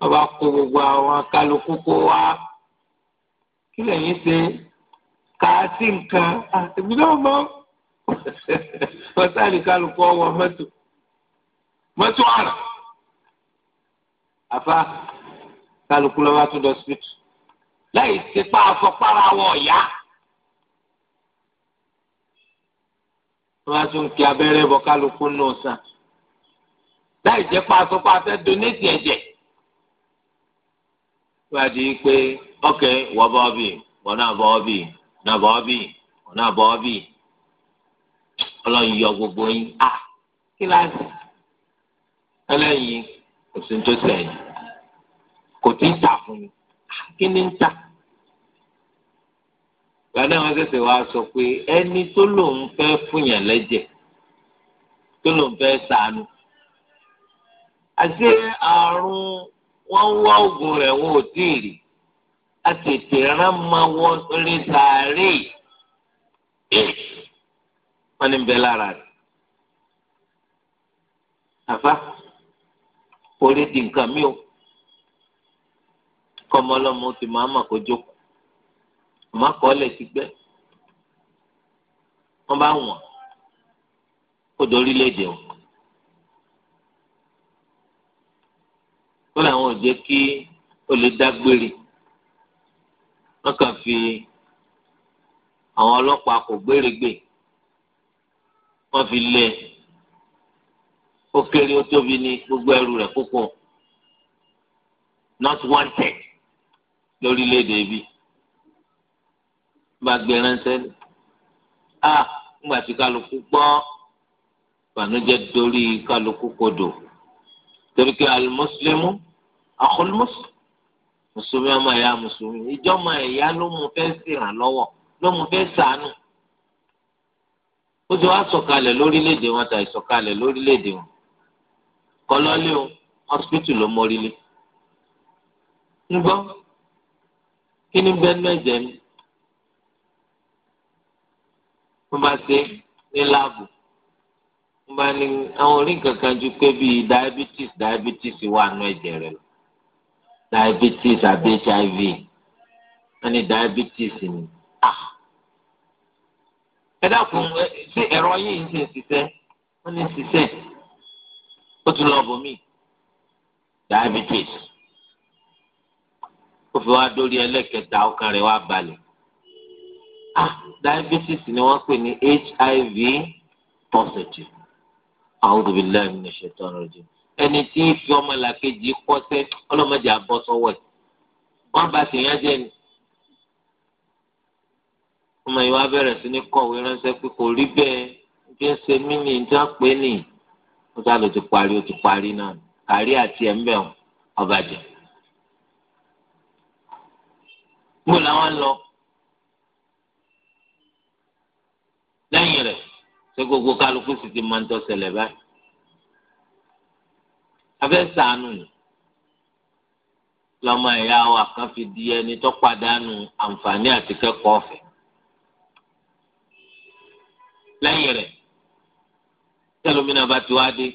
wọ́n bá kó gbogbo àwọn kálukú kó wá kí lẹ́yìn ṣe kà á sí nǹkan àtẹ̀bí náà mọ́ wọ́n sáré kálukú ọwọ́ mọ́tò mọ́tò àrà àfa kálukú lọ́wọ́ tó dọ̀ síbìtì láì ṣe pa àfọ̀pára wọ̀ ọ̀yá. wọ́n á tún kí abẹ́rẹ́ bọ kálukú náà sàn láì jẹ́ pa aṣọ donate ẹ̀jẹ̀ wọ́n á di pé ok wọ́n bọ́ bì wọ́n náà bọ́ bì náà bọ́ bì wọ́n náà bọ́ bì ọlọ́yin yọ gbogbo yín a kíláàsì ẹlẹ́yin kò sí ní tó sẹ́yìn kò tí ń tà fún mi kí ni ń tà. gbadaa wọn ṣẹ̀ṣẹ̀ wa sọ pé ẹni tó lòun fẹ́ fúnyàn lẹ́jẹ̀ tó lòun fẹ́ ṣàánú àti àrùn wọn wá oògùn rẹ̀ wọn ò tí ì rí àtètè rán máa wọ orí sàárè wọn ní bẹ lára àfa orí di nǹkan mi ọmọ akọọlẹ ti gbẹ wọn bá wọn kó dorí léde o wọn làwọn ò jẹ kí o lè dágbére wọn kàn fi àwọn ọlọ́pàá kò gbérégbè wọn fi lé e. ó kéré ó tóbi ní gbogbo ẹrù rẹ̀ kókó not wanted lórílẹ̀-èdè bíi bá gbé ránṣẹ́ ni a ah, ńgbà tí kálukú gbọ́ bànújẹ́ dorí kálukú kodò torí pé alimuslimu akọlùmùsùlùmù mùsùlùmí ọmọ ẹ̀yà mùsùlùmí ìjọmọ ẹ̀yà ló mú fẹ́ ṣèrànlọ́wọ́ ló mú fẹ́ ṣàánú ó ti wá sọ̀kalẹ̀ lórílẹ̀‐èdè wọn tàbí sọ̀kalẹ̀ lórílẹ̀‐èdè wọn kọlọ́lé o hospital ló mọ́rílé ń gbọ́ kí ni bẹ́ẹ̀ mẹ́jẹ mi wọ́n bá ṣe ní láàbù wọ́n bá ní àwọn orí kankan ju pé bíi diabetes diabetes wà nù ẹ̀jẹ̀ rẹ̀ lọ diabetes àbí hiv wọ́n ní diabetes ni ah ẹ dákun ṣé ẹ̀rọ yìí ń ṣe ṣiṣẹ́ wọ́n ní ṣiṣẹ́ ó tún lọ bọ̀ mí diabetes ó fi wá dórí ẹlẹ́kẹta ọkàn rẹ̀ wá balẹ̀ ah diabetes ni wọ́n pè ní hiv positive a'udhu billahi minash shaitani rajim ẹni tí ń fi ọmọlàkejì kọ́sẹ́ ọlọ́mọdé àbọ̀ sọ́wọ́ ẹ̀ wọ́n bá tèèyàn jẹ́ ni ọmọ yìí wá bẹ̀rẹ̀ sí ní kọ̀wé ránṣẹ́ pé kò rí bẹ́ẹ̀ bí ń ṣe mí ní ìjà pé nì ó sá ló ti parí ó ti parí náà kárí àti ẹ̀ńbẹ̀ ọ̀bàjẹ́. mo làwọn lọ lẹ́yìn rẹ̀ ṣé gbogbo kálukú sì ti máa ń tọ́sẹ̀lẹ̀ báyìí. abẹ́ sànù lọ́mọ ìyá wa kan fi di ẹni tó pàdánù àǹfààní àti kẹ́kọ̀ọ́ ọ̀fẹ́. lẹ́yìn rẹ̀ tẹ́lómìnà bá ti wá dé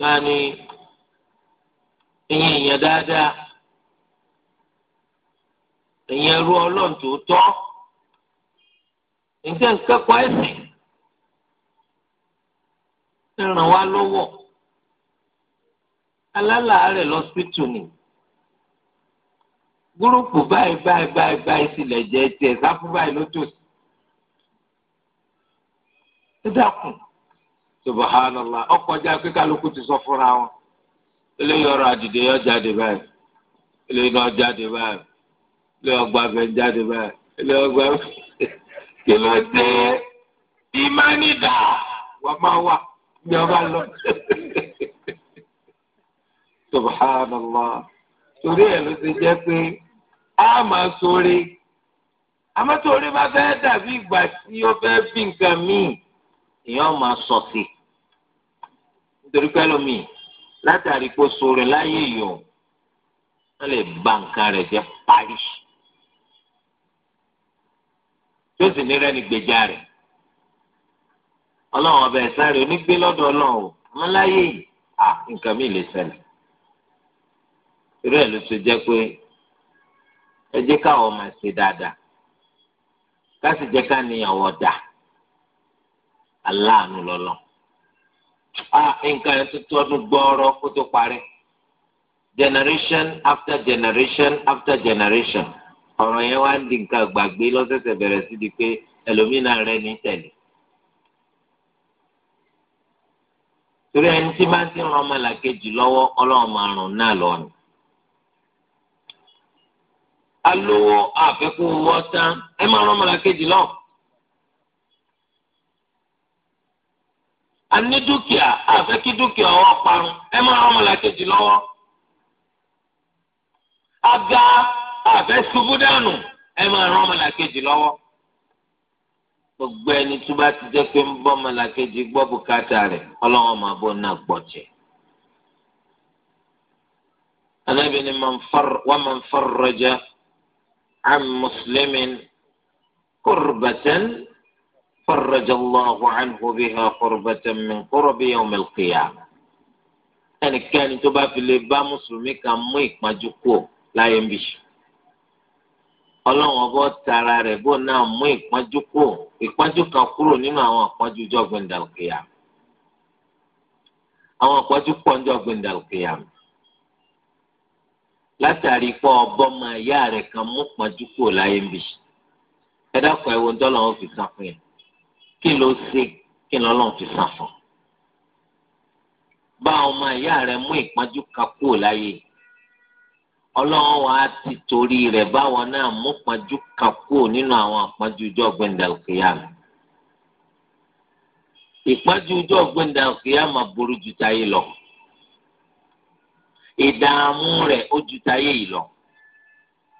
náà ni ìyẹn ìyẹn dáadáa ìyẹn ru ọlọ́run tó tọ́. ǹjẹ́ nǹkan kan ẹ̀sìn ń ràn wá lọ́wọ́ alálàárẹ̀ lọ́sítù ni gúrùpù báyìí báyìí báyìí báyìí sílẹ̀ jẹ́ tiẹ̀ sáfù báyìí lótòsí ẹ dákun subahánàlá ọkọjá pé kálukú ti sọ fúnra wọn eléyìí ọ̀rọ̀ àdìdè yọ jáde báyìí eléyìí náà jáde báyìí eléyìí ọgbà jáde báyìí eléyìí ọgbà kí ló dé ìmánidà wà máa wà ní ọba lọ. subhanallah torí ẹ̀ ló ti jẹ́ pé a máa sọ̀rọ̀ àmọ́ torí bá fẹ́ dàbí ìgbà tí ó fẹ́ fi nǹkan míì èèyàn máa sọ sí i nítorí pé lómi látàrí kó sọ̀rọ̀ láyé yòó wọ́n lè ba nǹkan rẹ̀ jẹ́ parí tí ó sì ní rẹ́ni gbèjà rẹ̀ ọlọ́run ọba ẹ̀sán rẹ̀ onígbé lọ́dọ̀ ọlọ́run o ọmọláyé yìí à nǹkan mi lè ṣẹlẹ̀ irú ẹ̀ ló ṣe jẹ́ pé ẹ jẹ́ káwọn máa ṣe dáadáa ká sì jẹ́ ká níyàwó dà aláàánú lọ́lọ́ à nǹkan yẹn tó tọ́dún gbọ́ọ́rọ́ kó tó parẹ́ generation after generation after generation ọ̀rọ̀ yẹn wá di nǹkan gbàgbé lọ́sẹ̀sẹ̀ bẹ̀rẹ̀ sí di pé ẹlòmínà rẹ ní tẹ̀lé. torí ẹni tí bá ti ran ọmọlàkejì lọ́wọ́ ọlọ́run máa ràn náà lọ́rùn. alówó àfikún owó tán ẹ máa ran ọmọlàkejì lọ. a ní dúkìá àfẹ́kí dúkìá ọwọ́ parun ẹ máa ran ọmọlàkejì lọ́wọ́. aga àfẹ́ ṣubú dànù ẹ máa ràn ọmọlàkejì lọ́wọ́ gbogbo ẹni tó bá ti jẹ́ pé ń bọ́ ọmọlàkejì gbọ́ bùkátà rẹ̀ ọlọ́wọ́n máa bọ́ náà gbọ́jẹ́. Ànábì ni wọ́n máa ń farraja an muslimin kurbatan farraja Allahu anhu biha kurbatan min kurbi yawm al-qiyamah. ẹnikẹ́ni tó bá fi lè bá mùsùlùmí kan mú ìpọ́njú kúrò láyé ń bì ṣù ọlọ́run ọba tara rẹ̀ bó náà mú ìpọ́njú kù ìpọ́njú kan kúrò nínú àwọn ìpọ́njú jọ́gbìn dàlùkìyà àwọn ìpọ́njú pọ̀ ń jọ́gbìn dàlùkìyà látàrí pé ọbọ̀ máa yá rẹ̀ kan mú ìpọ́njú kù láyé ń bì ẹ dákun ẹ wo ń tọ́lọ́run fi san fún yẹn kí ló ṣe kí lọ́lọ́run fi san fún bá ọmọ ìyá rẹ̀ mú ìpọ́njú kan kù láyé yìí ọlọ́run wa ti torí rẹ̀ báwọn náà mú pọ́njú kan kúrò nínú àwọn àpọ́njú ọjọ́ gbẹ̀ndàlùkìyàmù ìpọ́njú ọjọ́ gbẹ̀ndàlùkìyàmù burú ju táyé lọ ìdààmú rẹ̀ ó ju táyé yìí lọ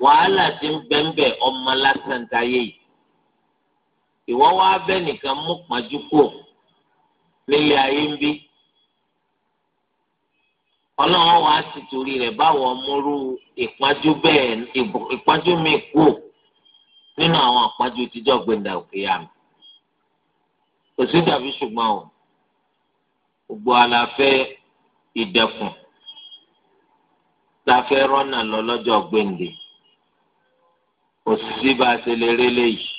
wàhálà ti ń bẹ́ńbẹ́ ọmọ lásán táyé yìí ìwọ́ wá mú pọ́njú kúrò nílé ayé ń bí ọlọ́run wàá sì torí rẹ̀ báwọn múrú ìpájú bẹ́ẹ̀ ìpájú mi kú nínú àwọn àpájú tíjọ́ gbẹ̀ndà òkè yá mi. kò sí dàbí ṣùgbọ́n o gbogbo àlàfẹ́ ìdẹ̀kùn la fẹ́ rọ́nà lọ lọ́jọ́ gbẹ̀ndé kò sí bá a ṣe lè rélé yìí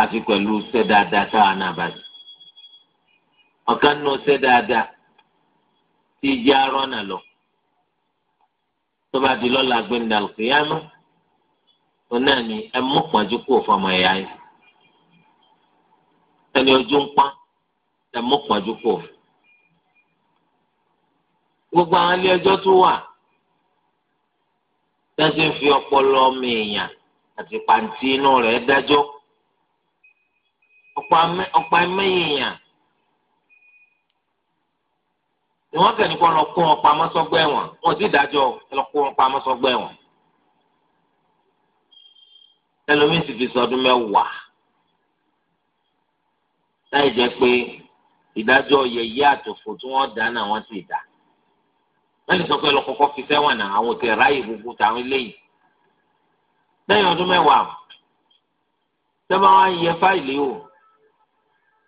àti pẹ̀lú ṣẹ́ dáadáa táwọn náà ọ̀kan nù ṣẹ́ dáadáa tí jẹ́ arọ́nà lọ tó bá di lọ́la gbẹ̀ndà lùkìyàmù tó náà ni ẹ mú pọ́njú kó fọmọ ẹ̀yà yìí ẹni ojú ń pọ́n ẹ mú pọ́njú kó. gbogbo àwọn ilé ẹjọ́ tó wà tẹ́sí fi ọpọlọ ọmọ èèyàn àti pàǹtí inú rẹ̀ dájọ́ ọ̀pọ̀ ẹ̀mẹ́yìn èèyàn ni wọ́n kàn ní kó lọ kó wọn pamọ́ sọ́gbà ẹ̀wọ̀n wọ́n ti dájọ́ lọ kó wọn pamọ́ sọ́gbà ẹ̀wọ̀n. ẹlòmíín sì fi sọdún mẹ́wàá láì jẹ́ pé ìdájọ́ yẹ̀yẹ́ àtòfò tí wọ́n dá náà wọ́n sì dá. wọ́n lè sọ pé lọ́kọ́kọ́ fi sẹ́wọ̀n náà àwọn òtẹ̀ ráàyè gbogbo táwọn eléyìí. lẹ́yìn ọdún mẹ́wàá tẹ́lẹ̀ wọ́n yẹ fáìlì o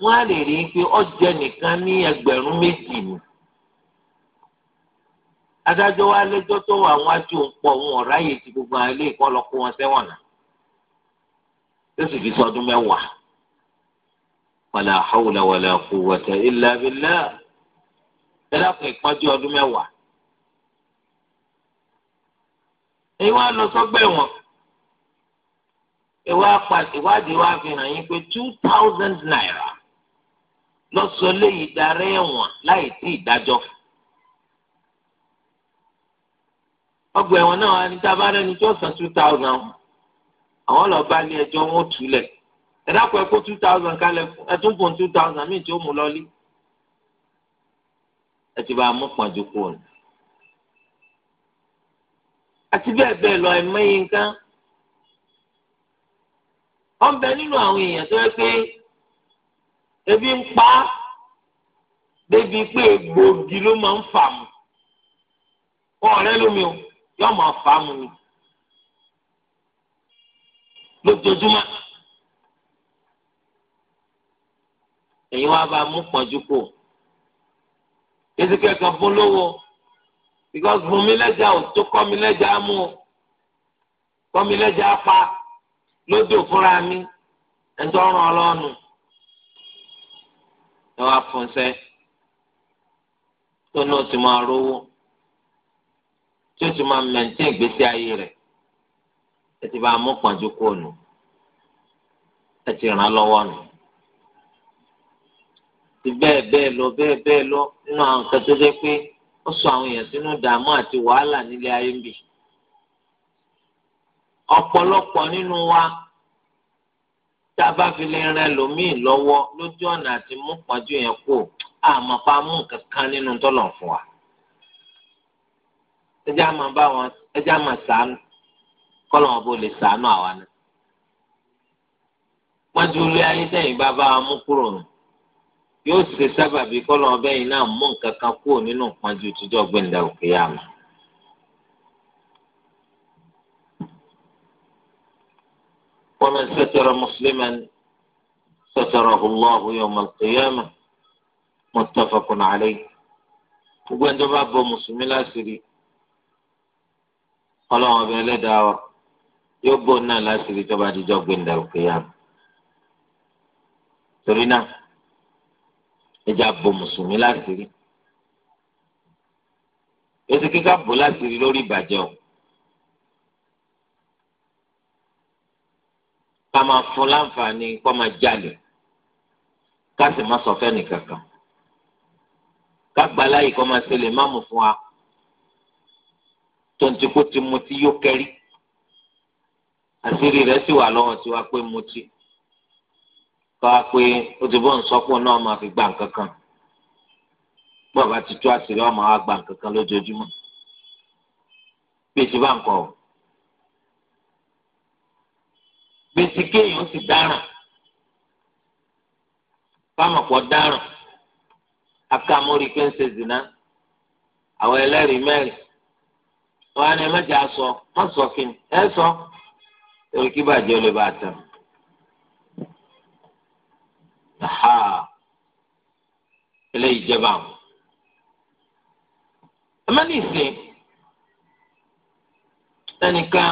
wọ́n á lè rí i pé ọ̀jẹ̀ nìkan ní ẹgbẹ̀rún méjì ni adájọ́ wa lẹ́jọ́ tó wà wọn ajú pọ̀ wọn ọ̀rá yìí ti gbogbo àwọn ilé ìkọ́ lọ kó wọn sẹ́wọ̀n náà tó sì fi sọdún mẹ́wàá wàlà hawla wàlà quwwata illa billah ẹ ìpọ́njú ọdún mẹ́wàá ẹ wá lọ sọ́gbẹ́ wọn ìwádìí wa fi hàn yín pé two thousand naira lọ́sọ̀ọ́ darẹ́ ẹ̀wọ̀n láì tí ìdájọ́ fún. ọgbà ẹ̀wọ̀n náà wà ní tábà rẹ̀ ní tí wọ́n san two thousand àwọn lọ́ọ́ bá ní ẹjọ́ wọn ò túlẹ̀ ẹ dákun ẹ kó two thousand kalẹ̀ fún ẹ tún fún two thousand míì tí ó mú lọ́lí ẹ ti bá a mú pọ̀jù kú òní. àti bẹ́ẹ̀ bẹ́ẹ̀ lọ ẹ̀mẹ́yìn nǹkan ó ń bẹ nínú àwọn èèyàn tó yẹ pé ebi ń pa á débi pé egbòogi ló máa ń fà mù ọ̀rẹ́ lómi o yóò máa fà á mu ni lójoojúmọ́ èyí wá bá mú pọ̀jù kù ezike kan fún lówó because fún mi lẹ́jà ò tó kọ́ mi lẹ́jà á mú o kọ́ mi lẹ́jà á pa lódò fúnra mi ẹ̀ńtọ́ ràn ọ́ lọ́nu ẹ wá fún sẹ́ tó náà ti máa rówó tí ó tún máa mẹ̀ntẹ́ ìgbésí ayé rẹ̀ ẹ ti bá a mú pọ̀njú kó nù ẹ ti ràn án lọ́wọ́ nù. ti bẹ́ẹ̀ bẹ́ẹ̀ lọ bẹ́ẹ̀ bẹ́ẹ̀ lọ nínú àwọn nǹkan tó dé pé ó sọ àwọn èèyàn sínú ìdààmú àti wàhálà nílé ayé ń bì. ọ̀pọ̀lọpọ̀ nínú wa tá a bá fi lè ràn ẹlòmíì lọ́wọ́ lójú ọ̀nà àti mú pọ̀njú yẹn kó àmọ́ pa mú nǹkan kan nínú tọ́lọ̀ fún wa ẹjẹ́ á máa bá wọn ẹjẹ́ á máa sàánù kọ́lọ̀ wọn bó lè sàánù àwa náà. wọ́n ju ilé ayé sẹ́yìn bá bá wa mú kúrò nù yóò ṣe sábàbí kọ́lọ̀ wọn bẹ́yìn náà mú nǹkan kan kúrò nínú ìpọ́njú tíjọ́ gbẹ̀ǹdà òkè yá mi. ومن ستر مسلما ستره الله يوم القيامة متفق عليه gbogbo ẹni tó bá bọ ọlọ́run ọbẹ̀ ẹlẹ́dàá wa yóò bò náà láti rí ìjọba àdìjọ gbẹ̀ndà òkè yá torí náà ẹja bo mùsùlùmí láti rí èsì kíkà bò láti rí lórí ìbàjẹ́ o ká máa fún láǹfààní kó máa jalè ká sì má sọ fẹ́ nìkankan ká gbaláyè kó máa ṣe má mú fún wa tó ń ti kó ti mutí yó kẹ́rí àṣírí rẹ̀ sì wà lọ́wọ́ tiwa pé mutí káwa pé ó ti bọ́ nsọ́pọ̀ náà máa fi gbà nǹkan kan bàbá ti tú àṣírí ọmọ wa gbà nǹkan kan lójoojúmọ́ bí ti bá ń kọ́ ọ. gbèsè kéèyàn sì dáràn fámọ̀pọ̀ dáràn akamórí pé ń àwọn ẹlẹ́rìí mẹ́rin wọn á ní ẹmẹjẹ aṣọ má sọ kí ni ẹ sọ torí kí bàjẹ́ olè bá tán. eléyìí jẹba àwọn. ẹmẹ́ni ìsìn ẹnìkan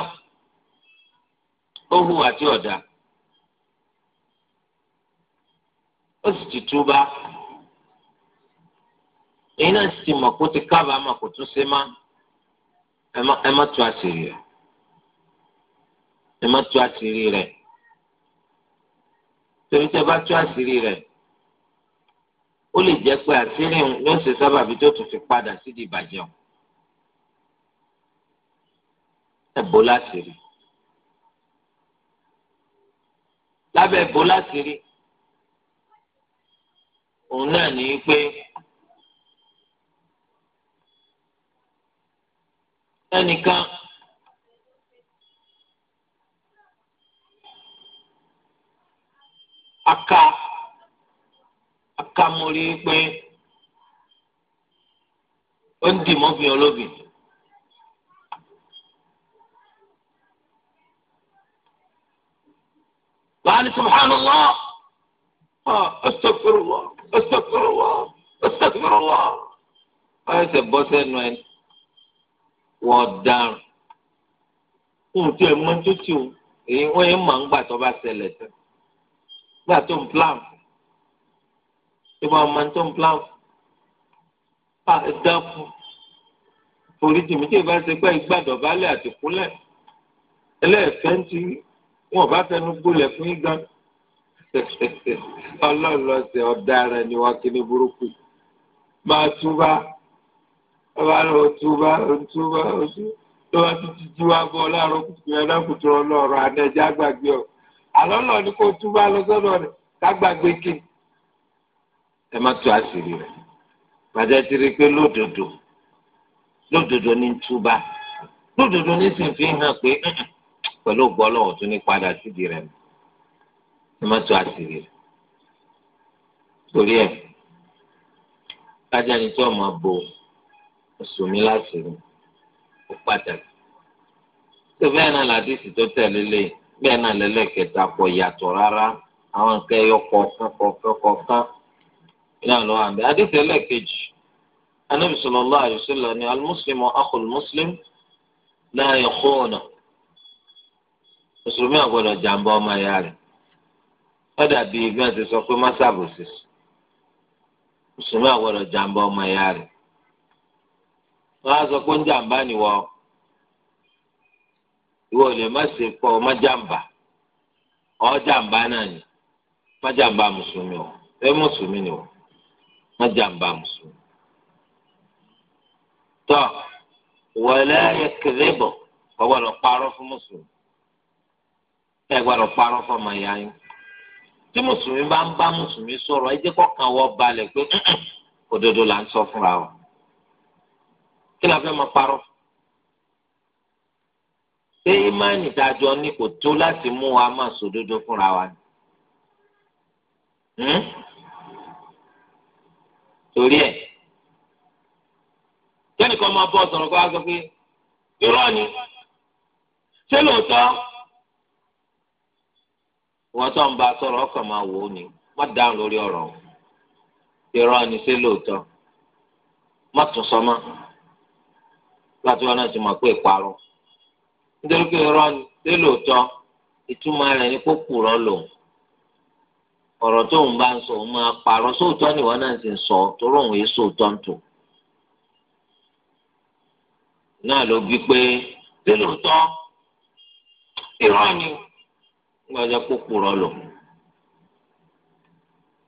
ó hùwà tí ọ̀dà ó sì ti túbá èyí náà sì mọ̀ kó ti kábàámọ̀ kó tún ṣe máa ẹ má tú àṣírí rẹ̀ ẹ má tú àṣírí rẹ̀ torí tẹ́ bá tú àṣírí rẹ̀ ó lè jẹ́ pé àṣírí yóò ṣe sábàbí tó tún fi padà sídìí ìbàjẹ́ o ẹ̀bọ láṣìírí lábẹ́ ẹ̀bọ láṣìírí òun náà ní pé. ẹnìkan. aka aka mo rí i pé ó ń dì mọ́bìn olóbì. láàánú subhanallah astaghfirullah astaghfirullah astaghfirullah. báyọ̀ sẹ́ bọ́ sẹ́nu ẹni wọ́n dárùn fún òtún ẹ̀ mọ́ tó ti o èyí wọ́n yẹn mọ̀ ń gbà tó bá ṣẹlẹ̀ tán gbà tó ń plan tó bá mọ̀ tó ń plan pa dán fún orí tèmi tí ìbá ṣe pé ìgbàdàn balẹ̀ àti kúnlẹ̀ ẹlẹ́ẹ̀fẹ́ ń ti wọn bá fẹnu gbolẹ̀ fún yín gan ọlọ́ọ̀lọ́sẹ̀ ọ̀daràn ni wọ́n kí ní burúkú máa túbá bàbá lọ túbà túbà tó bá ti ti jí wá bọ́ láàárọ̀ kùtùkùtù ẹ̀dá kùtù ọlọ́ọ̀rọ̀ àdẹ́jà gbàgbé ọ̀ àlọ́ lọ ni kò túbà lọ sọ́dọ̀ rẹ̀ ká gbàgbé kí ẹ má tú àṣírí rẹ̀ bàtà ti rí i pé lódodo lódodo ní túbà lódodo ní sì fi hàn pé pẹ̀lú gbọ́lọ́wọ́ tún ní padà sídìí rẹ̀ ẹ má tú àṣírí rẹ̀ torí ẹ̀ kájà ni tí wọ́n bò ó mùsùlùmí láti rí ó pàtàkì tó bẹ́ẹ̀ náà làdísì tó tẹ̀lé lé bẹ́ẹ̀ náà lẹ́lẹ́kẹta kò yàtọ̀ rárá àwọn nǹkan ẹyọ kọ̀ọ̀kan kọ̀ọ̀kan kọ̀ọ̀kan iná ló wà níbẹ̀ àdísì ẹlẹ́kejì anábì sallallahu alaihi wasallam ni almuslimu akhul muslim la yakhuna mùsùlùmí àgbọ̀dọ̀ jàǹbá ọmọ ẹ̀yà rẹ̀ ó dàbí bí wọ́n ti sọ pé má ṣàbòsí mùsùlùmí àgbọ̀dọ̀ jàǹbá ọmọ ẹ̀yà rẹ̀ wọn á sọ pé ń jàǹbá na ìwọ lè má ṣe pọ má ọ jàǹbá náà ni má jàǹbá mùsùlùmí o ẹ mùsùlùmí ni o má mùsùlùmí. tọ wọlé kẹlẹbọ kò gbọ́dọ̀ parọ́ fún mùsùlùmí ẹ gbọ́dọ̀ parọ́ fún ọmọ ìyá yín tí mùsùlùmí bá kí la fẹ́ máa parọ́ ṣé ìmáànì dájọ́ ni kò tó láti mú wa máa sòdodo fúnra wa ni hmm? torí ẹ̀ kẹ́nìkan máa bọ́ sọ̀rọ̀ kó a sọ pé irọ́ ni ṣé lóòótọ́ wọ́n tó ń bá sọ̀rọ̀ ọkàn máa wò ó ni wọ́n dáhùn lórí ọ̀rọ̀ irọ́ ni ṣé lóòótọ́ má tún sọ mọ́ gbàtí wọn náà ti mọ̀ pé ìparun nítorí pé irọ́ ni lóòótọ́ ìtumọ̀ rẹ̀ ni kó kùrọ̀ lòun ọ̀rọ̀ tó ń bá ń sọ òun máa parọ́ sóòótọ́ nìwọ náà ti ń sọ torí òun yìí sóòótọ́ ń tò náà ló bí pé lóòótọ́ irọ́ ni gbàjọ kó kùrọ̀ lòun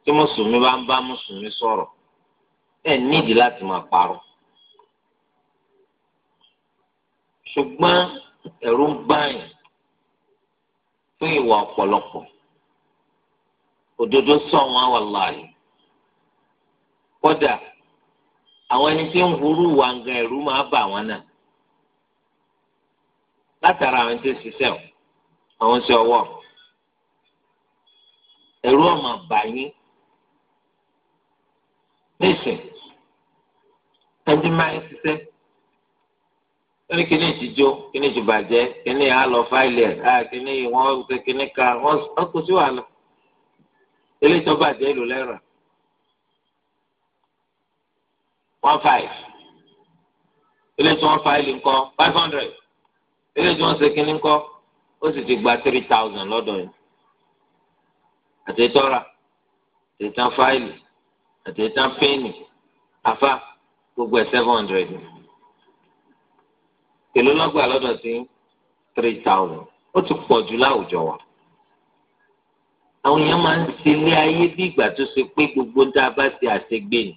tí mùsùlùmí bá ń bá mùsùlùmí sọ̀rọ̀ ẹ̀ nídìí láti máa parọ́. ṣùgbọ́n ẹ̀rù ń báyìí fún ìwà ọ̀pọ̀lọpọ̀ òdodo sọ wọn wàláhì kódà àwọn ẹni tí ń hurú wàǹgà ẹ̀rù máa bà wọn náà látara àwọn tí ń ṣiṣẹ́ o àwọn ṣe ọwọ́ ẹ̀rù ọ̀mà bà yín ẹni máa ń ṣiṣẹ́ wọ́n ní kíní ti jó kíní ti bàjẹ́ kíní á lọ fáìlì ẹ̀ kíní wọ́n ṣe kíní ka wọ́n kò sí wàhálà eléyìí tó bàjẹ́ ìlú lẹ́rà one five eléyìí tó wọ́n fáìlì ńkọ́ five hundred eléyìí tó wọ́n ṣe kíní ńkọ́ ó sì ti gba three thousand lọ́dọ̀ yìí àtẹ̀tọ́ra àtẹ̀tàn fáìlì àtẹ̀tàn pẹ́ẹ́nì afá gbogbo ẹ̀ seven hundred èló lọ́gbà lọ́dọ̀ sí three thousand ó ti pọ̀ jù láwùjọ wa. àwọn èèyàn máa ń ṣe ilé ayé bí ìgbà tó ṣe pé gbogbo tá a bá ṣe àṣegbè ni.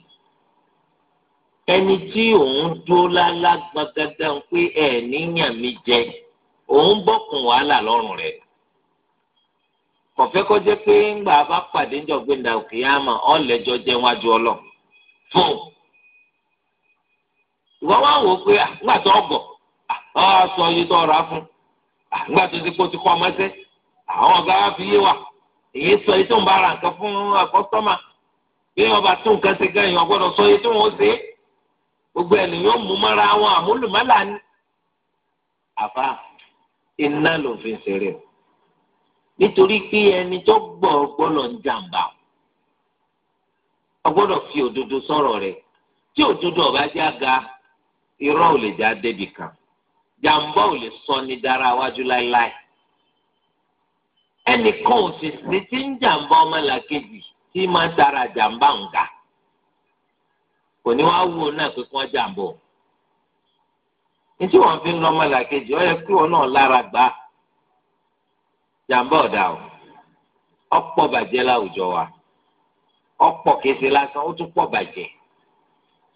ẹni tí òun dúró lálá gbọ̀ngàdà ń pé ẹ̀ níyàn mi jẹ òun bọ̀kùn wàhálà lọ́rùn rẹ̀. kọ̀fẹ́ kọjá pé ńgbà bá pàdé ńjọ gbẹ̀ndà òkè àmọ́ ọ̀lẹ́jọ́ jẹ́ wájú ọlọ́ fún un. wá wò ó pé àgbàtọ́ ọ̀gọ̀ wọ́n sọ iye tó rà fún àgbà tó ti kó ti ọmọ àwọn wa fi yé wa èyí sọ iye tó ń bára nǹkan fún akọsọma. bí wọ́n bá tún nǹkan ṣe sọ iye tó wọ́n ṣe gbogbo ènìyàn mú ni Àbá iná ló fi nítorí pé ẹni tó ń jàǹbá fi òdodo sọ̀rọ̀ rẹ̀ tí òdodo já jàǹbá ò lè sọ ní dára wájú láéláé ẹnìkan ò sì sí tí ń jàǹbá ọmọlàkejì tí máa dára jàǹbá ń ga kò ní wá wù ú náà pé kí wọ́n jàǹbá o nítorí wọ́n fi ń lọ ọmọlàkejì ó yẹ kí wọ́n náà lára gbá jàǹbá ọ̀dà o ọ̀pọ̀ bàjẹ́ láwùjọ wa ọ̀pọ̀ kése lásán ó tún pọ̀ bàjẹ́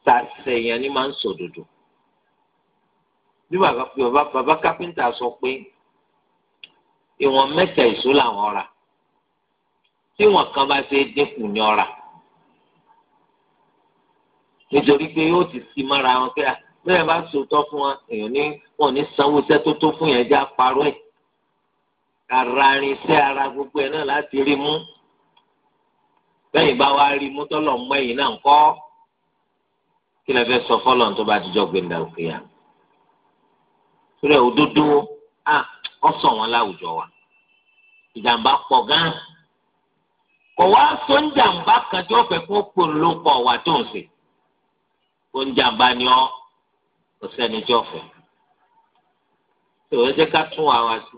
tàṣẹ̀yàn ni máa ń sòdodo. So bí bàbá kápẹ́ńtà sọ pé ìwọ̀n mẹ́ta ìṣó làwọn rà tí wọn kan bá ṣe dínkù ní ọ̀rà nítorí pé yóò ti sí mọ́ra wọn pé ah, bẹ́ẹ̀ bá sòótọ́ fún wọn èèyàn ní wọn ò ní sanwó iṣẹ́ tó tó fún yẹn já parọ́ ẹ̀ ara irinṣẹ́ ara gbogbo ẹ̀ náà láti rí mú bẹ́ẹ̀ bá wá rí mú tọ́lọ̀ mọ́ ẹ̀yìn náà ń kọ́ kí lè fẹ́ sọ fọ́lọ́n tó bá dijọ́ gbẹ̀ndà òkè yàrá rẹ òdodo à ọsọ wọn láwùjọ wa ìjàmbá pọ̀ gan kò wá sọ ń jàmbá kan tí wọ́n fẹ́ kó pò ló pọ̀ wá tó ń sè ó ń jàmbá ni ọ kò sẹ́ni tí wọ́n fẹ́ tó o ká tún wa wá sí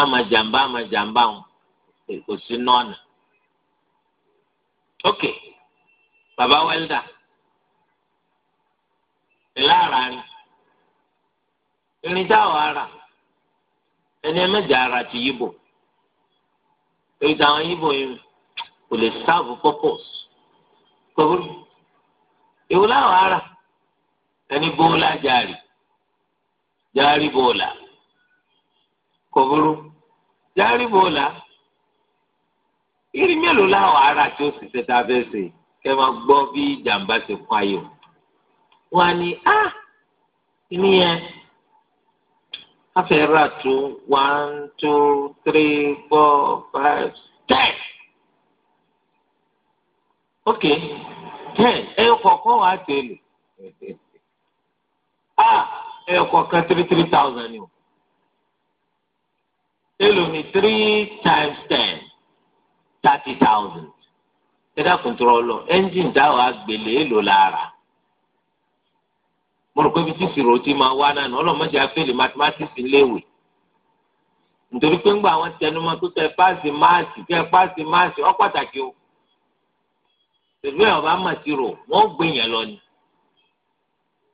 àmà jàmbá àmà jàmbá wọn kò sí nọ́ọ̀nà ok baba wẹ́lda ńlá ara rẹ̀ irin táwọn ara ẹni ẹ mẹjọ ara ti yíbò èyí táwọn yíbò yìí kò lè sáàbù purpose kòkòrò ìwò láwọn ara ẹni bóòlà jaari jaari bóòlà kòkòrò jaari bóòlà irin mélòó láwọn ara tí ó sì ṣe tá a fẹ́ ṣe kẹ́ máa gbọ́ bí ìjàmbá ṣe fún ayò wọn ah, ni ah ìníyẹn afẹ́ rà tó one two three four five ten ok ten ẹyọ kọ̀ọ̀kan wà á tẹ̀lé ah ẹyọ kọ̀ọ̀kan three three thousand ni o èló ni three times ten thirty thousand ẹ dákun tó rọ lọ ẹ́ńjìn dáhùn àgbèlè èlò lára mo rò pé bí tí ìṣirò ti máa wá náà ọlọ́mọdé afẹ́lì mathematics léwe nítorí pé ńgbà àwọn tẹnumọ́ tó tẹ páàsì máàsì tẹ páàsì máàsì ọ pàtàkì o pẹ̀lú ẹ̀ ọba mà ti rò wọ́n gbé yẹn lọ ni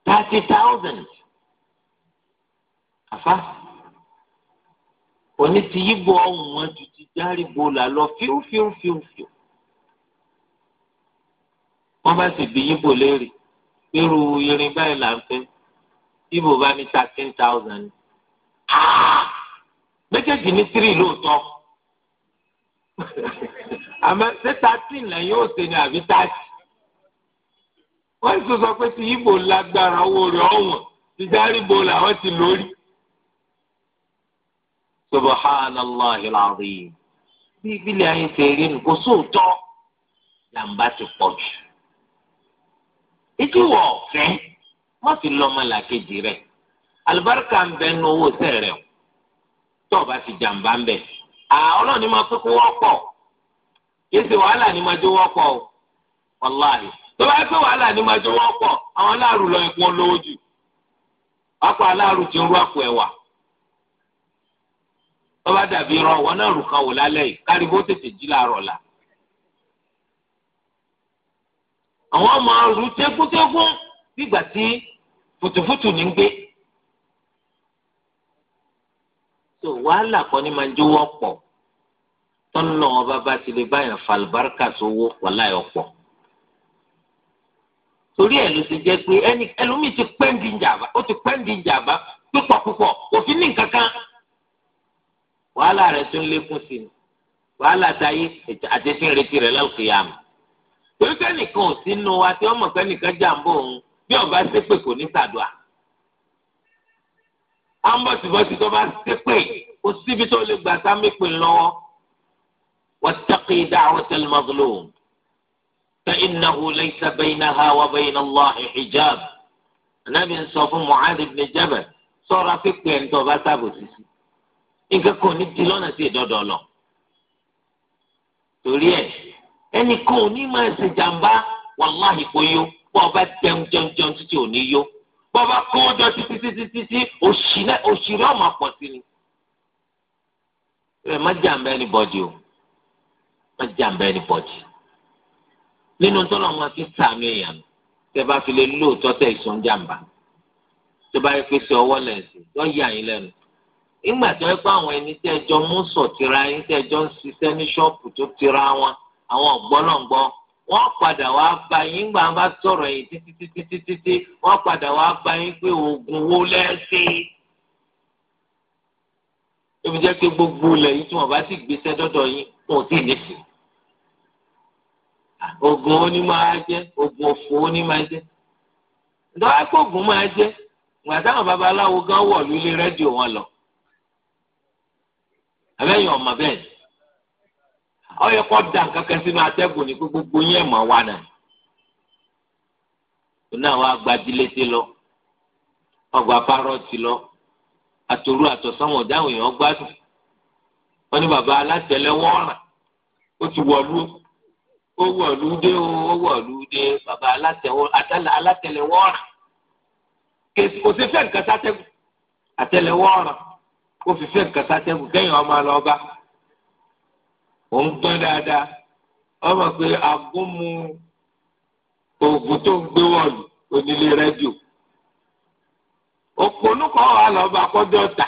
thirty thousand àfa òní ti yíbo ọ̀hún wọn ju ti dárí bo là lọ fíú wọ́n bá sì bí yíbo léèrè irú irin báyìí là ń fẹ́ ibo bá ní thirteen thousand ah! méjèèjì ní three lóòótọ́ àmọ́ ṣé thirteen lẹ́yìn ó ṣe ni àbí thirty wọ́n sì sọ pé ti ibo lágbára owó rẹ̀ ọ̀wọ̀n ti dáríbo làwọn ti lórí. subhanallahi alazim bí ìbílẹ̀ ayé ṣe rí nu kò sóòótọ́ làǹbá ti pọ̀ jù. ike ìwọ ọ̀fẹ́ má fi lọ ọmọ làkejì rẹ alùbáríkà ń bẹ nu owó sẹrẹ o tó o bá ti jàǹbá ń bẹ ọlọ́ọ̀ni máa wọ́pọ̀ wàhálà ni máa jó wọ́pọ̀ o wàláhì tó bá pé wàhálà ni máa jó wọ́pọ̀ àwọn aláàrù lọ ẹ̀kọ́ lówó jù wákò aláàrù ti ń rú àpò ẹ̀wà tó bá dàbí irọ́ wọn náà rù kan wò la. àwọn máa rú tégúntégún nígbà tí fùtùfùtù ní ń gbé. tó wàhálà kan ní máa ń jówó ọ̀pọ̀ tọ́nà ọba bá ti lè báyàn falùbáríkà sówó wàhálà ọ̀pọ̀. torí ẹ̀ ló ti jẹ́ pé ẹni ẹlòmíì ti pẹ́ǹdì ìjàmbá ó ti pẹ́ǹdì ìjàmbá púpọ̀ púpọ̀ òfin ní nǹkan kan. wàhálà rẹ̀ tún lékún sí i wàhálà táyé àti ẹ̀sìn retí rẹ̀ lálùkìyàmù torí kẹ́nìkan ò sínú wa tí wọ́n mọ̀ kẹ́nìkan jàǹbó òun bí ọba ṣépè kò ní sàdúà ambọ̀tìbọ̀tì tó bá ṣépè kò síbi tó lè gbà sá mípè lọ́wọ́ wattaqi da'watal mazlum fa innahu laysa baynaha wa bayna Allahi hijab Ànábì ń sọ fún Mu'adh ibn Jabal sọ́ra pípẹ́ ẹni tó bá sábòsí sí nǹkan kan ní ti lọ́nà sí ìdọ́dọ̀ lọ torí ẹ̀ ẹnìkan ò ní máa ṣe jàǹbá wàláhì kò yó bọ́ ọba jẹun jẹun jẹun títí ò ní yó bọ́ ọba kọ́ ọjọ́ títí títí títí òṣìrẹ́ ọmọ pọ̀ sí ni. ẹ má jàǹbá ẹni bọ́dì o má jàǹbá ẹni bọ́dì nínú tọ́lọ̀ wọn ti sàánú èèyàn tẹ bá fi lè lóòótọ́ tẹ ìsún jàǹbá tó bá yẹ pé ṣe ọwọ́ lẹ́sì yọ yà yín lẹ́nu ìgbà tó yẹ pé àwọn ẹni tẹ́ ẹjọ́ mú sọ̀ tira yín tẹ́ ẹjọ́ ń ṣiṣẹ́ ní ṣọ́ọ̀pù tó tira wọn àwọn ọ̀gbọ́lọ́ngbọ́ wọ́n padà wá bá yín gbà bá sọ̀rọ̀ yìí títí títí títí tí wọ́n padà wá bá yín pé oògùn wo lẹ́sìn. ebi jẹ́ pé gbogbo ilẹ̀ yìí tí wọ́n bá sì gbéṣẹ́ dọ́dọ̀ yín wọn ò tí ì nífẹ̀ẹ́. oògùn oní máa jẹ́ oògùn òfò oní máa jẹ́. ìdọ́wọ́ pé oògùn máa jẹ́ ìgbà táwọn babaláwo gan wọ̀ lórí rédíò wọn lọ. àbẹ́yìn ọ̀mọ bẹ́ẹ̀ ọyọ kọ da kankan sínú atẹ́gùn ní gbogbo yẹn mọ̀ wá náà náà wàá gba dilété lọ ọgbà parọ́ọ̀tì lọ àtòrú àtọ̀sánwó dáhùn èèyàn gbádùn wọn ní bàbá alátẹlẹwọ́ ọ̀ràn ó ti wọ̀lú ó wọ̀lú dé ó wọ̀lú dé bàbá alátẹlẹwọ́ ọ̀ràn kèsì kò sí fẹ́ nǹkan sátẹ́gùn àtẹlẹwọ́ ọ̀ràn kò fi fẹ́ nǹkan sátẹ́gùn kẹ́yìn ọmọ lọ́ba òun gbọ́n dáadáa ọmọ pé agúnmu oògùn tó ń gbé wọ̀lú onílé rẹ́díò òpònú kan wà lọ́ba kọjọ́ ta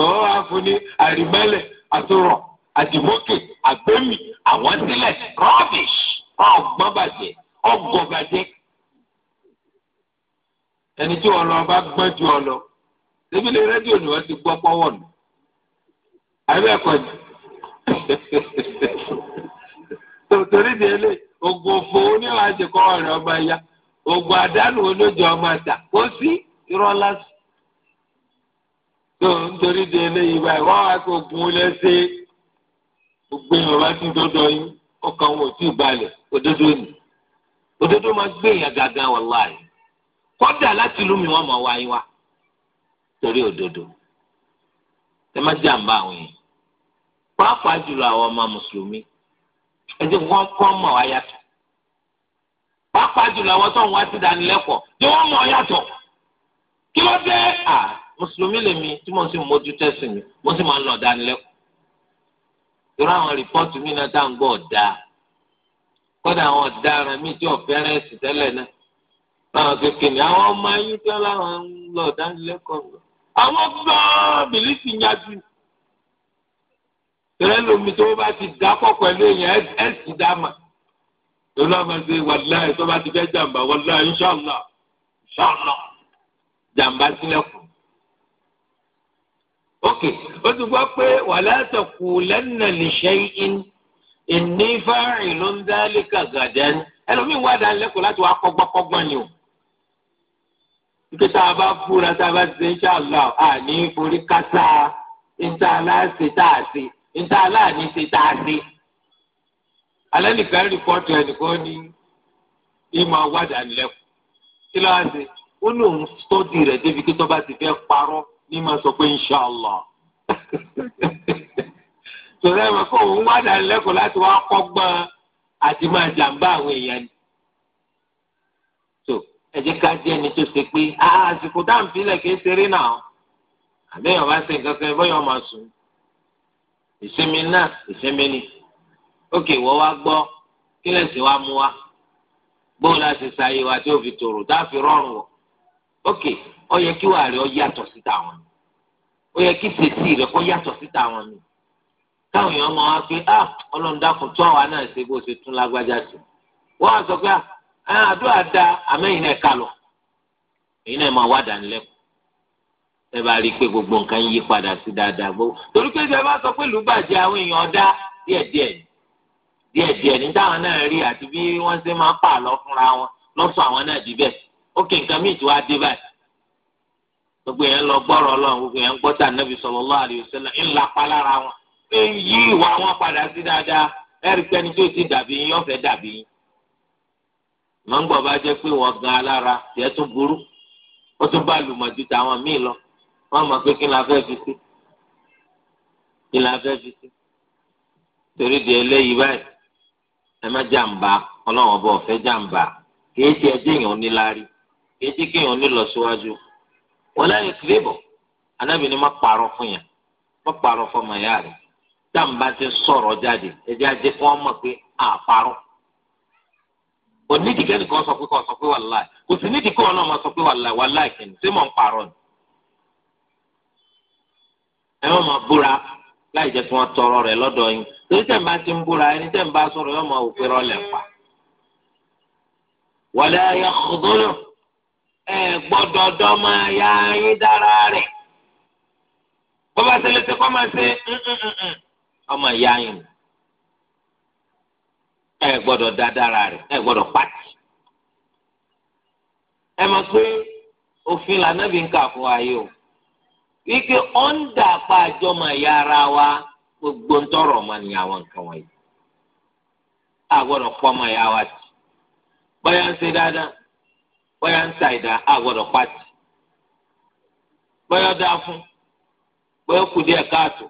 òun wà fún ní àrímẹ́lẹ̀ àtúrọ̀ àdìmọ́kè àgbẹ̀mí àwọn sílẹ̀ rọ́bìṣì ọgbọ́n bàjẹ́ ọgọ́ bàjẹ́ ẹni tí wọn lọ bá gbọ́n ju ọ lọ débìlẹ̀ rẹ́díò ni wọ́n ti gbọ́ pọ́wọ́ nù àbẹ ẹkọ ni tòtòrí di ẹlẹ ògùn òfò oníwà àjẹkọ ọ̀rẹ́ ọba ya ògùn àdánù olójó ọmọ àjà kó sí irọ́ lásì tó nítorí di ẹlẹ yìí báyìí wọ́n wá sí ògùn lẹ́sẹ̀ gbogbo èèyàn ti dọ́dọ̀ yín ọkàn wọn ò tí ì òdodo ni òdodo máa gbé gàgà kọ́dà láti mọ̀ wáyé wa torí òdodo ẹ pàápàá jùlọ àwọn ọmọ mùsùlùmí ẹjẹ wọn kọ́ mọ̀ wá yàtọ̀ pàápàá jùlọ àwọn tó ń wá sí ìdánilẹ́kọ̀ọ́ jẹ wọn mọ̀ yàtọ̀ kí ló dé à mùsùlùmí lèmi tí mo sì mójú tẹ̀sìn mi mo sì máa ń lọ ìdánilẹ́kọ̀ọ́ irú àwọn rìpọ́ọ̀tù mi náà tá à ń gbọ́ ọ̀dà kọ́dà àwọn ọ̀daràn mi tí ọ̀fẹ́rẹ́ sì tẹ́lẹ̀ náà báwọn kékeré ni àwọn ọmọ ayé tí wọ́n lọ ìdánilẹ́kọ̀ọ́ àwọn gbọ́ bìlísì yájú ni tẹ́lẹ̀ lómi tó bá ti dápọ̀ pẹ̀lú èèyàn ẹ̀ sì dá mà lórí ọmọ ṣe wàláyé tó bá ti fẹ́ jàǹbá wàláyé inṣàlá inṣàlá jàǹbá sílẹ̀kùn. ok ó ti gbọ́ pé wàlá àtẹ̀kù lẹ́nà lè ṣe in ìní fáàrin ló ń dálé kàgàdán ẹlòmíín wà dá lẹ́kọ̀ọ́ láti wá kọ́gbọ́kọ́gbọ́n ni o. nítorí bá fúra tá a bá ṣe inṣàlá àní forí kásá ìta aláṣẹ tá a ṣe níta aláàní ṣe tá a ṣe alẹ́ nìkan rìpọ́tù ẹnìkan ní ìmọ̀ wádà nílẹ̀kùn kí ló wá ṣe ó ní òun tọ́jú rẹ̀ débi kí tó bá ti fẹ́ parọ́ ní máa sọ pé inṣàlá sọ̀rọ̀ ẹ̀ kó òun wádà nílẹ̀kùn láti wá kọ́gbọ́n àti máa jàǹbá àwọn èèyàn ni ẹ jẹ́ ká jẹ́ ẹni tó ṣe pé àsìkò dáǹfilẹ kì í ṣeré náà àbẹyàn bá ṣe nǹkan kan bọyọ máa sùn ìsinmi náà ìsinmi ni ókè wọ́n wá gbọ́ kí lẹ́sìn wa mú wa bóun láti ṣàyè wa tí ó fi tòrò tá a fi rọrùn wọ̀ ókè ó yẹ kí wàá rẹ ọ yàtọ̀ síta wọn ni ó yẹ kí fèsì rẹ kó yàtọ̀ síta wọn ni káwọn èèyàn máa wá pé ah ọlọ́run dákun tún àwa náà ṣe bó ṣe tún lágbájá sí wọ́n á sọ pé ah àdúrà da àmẹ́yìn náà kà lọ èyí náà máa wá dánilẹ́kọ̀ọ́ ẹ bá rí i pé gbogbo nǹkan yí padà sí dáadáa gbó torí pé ìjọba sọ pé ìlú àwọn èèyàn dá díẹ̀díẹ̀ díẹ̀díẹ̀ ní náà rí àti bí wọ́n ṣe máa pa àlọ́ fúnra wọn lọ́sọ̀ àwọn náà dì bẹ́ẹ̀ ó kì nǹkan míì tí wàá dé báyìí gbogbo yẹn lọ gbọ́rọ̀ Ọlọ́run gbogbo yẹn ń gbọ́tà nàbì sallallahu alaihi wasallam ń lapa lára wọn ń yí ìwà wọn padà sí dáadáa ẹ̀rí pẹ́ni tó ti dàbí yín ọ̀fẹ́ dàbí yín mọ̀ ń gbọ́ bá jẹ́ pé wọ́n gan alára tiẹ̀ tún burú ó tún bá lùmọ̀jú tàwọn míì lọ wọ́n mọ̀ pé kí la fẹ́ fi sí kí la fẹ́ fi sí torí di eléyìí báyìí ẹ má jàǹbá ọlọ́run ọba ọ̀fẹ́ jàǹbá kìí ti ẹjẹ́ èèyàn níláárí kìí ti kéèyàn nílọsíwájú wọn lẹ́yìn kìlébọ̀ anábìíní má parọ́ fún yàn má parọ́ fọmọ ìyá rẹ̀ jàǹbá ti sọ̀rọ̀ jáde ẹjẹ́ ajé kí wọ́n mọ̀ pé àparọ́ onídìí kẹ́nìkan sọ pé kò sọ pé wàláì kò sí nídìí kí wọn náà máa sọ pé wàláì wàláì kìíní sí mọ̀ ń parọ́ ni. ẹ má máa búra láì jẹ́ kí wọ́n tọrọ rẹ lọ́dọ̀ yín torí tẹ̀ ń bá ti ń búra ẹni tẹ̀ ń bá sọ̀rọ̀ yóò máa òfin rọlẹ̀ pa. wala yakhdhulu ẹ gbọ́dọ̀ dọ́ máa ya yín dára rẹ̀ bọ́bá tẹ̀lé tẹ́ kọ́ máa ṣe ọmọ ìyá yín ẹ gbọ́dọ̀ dá dára rẹ̀ ẹ gbọ́dọ̀ pàtì ẹ mọ̀ pé òfin o. Ike ọ̀ ń dà pa àjọmọ̀ ara wa gbogbo ntọrọ tọrọ ya ni àwọn nǹkan wọ̀nyí. àgbọ̀dọ̀ pọ̀ ọmọ ìyá wa tì bóyá ń ṣe dáadáa bóyá ń ṣàìdá àgbọ̀dọ̀ pàtì bóyá dáa fún bóyá kù díẹ̀ káàtó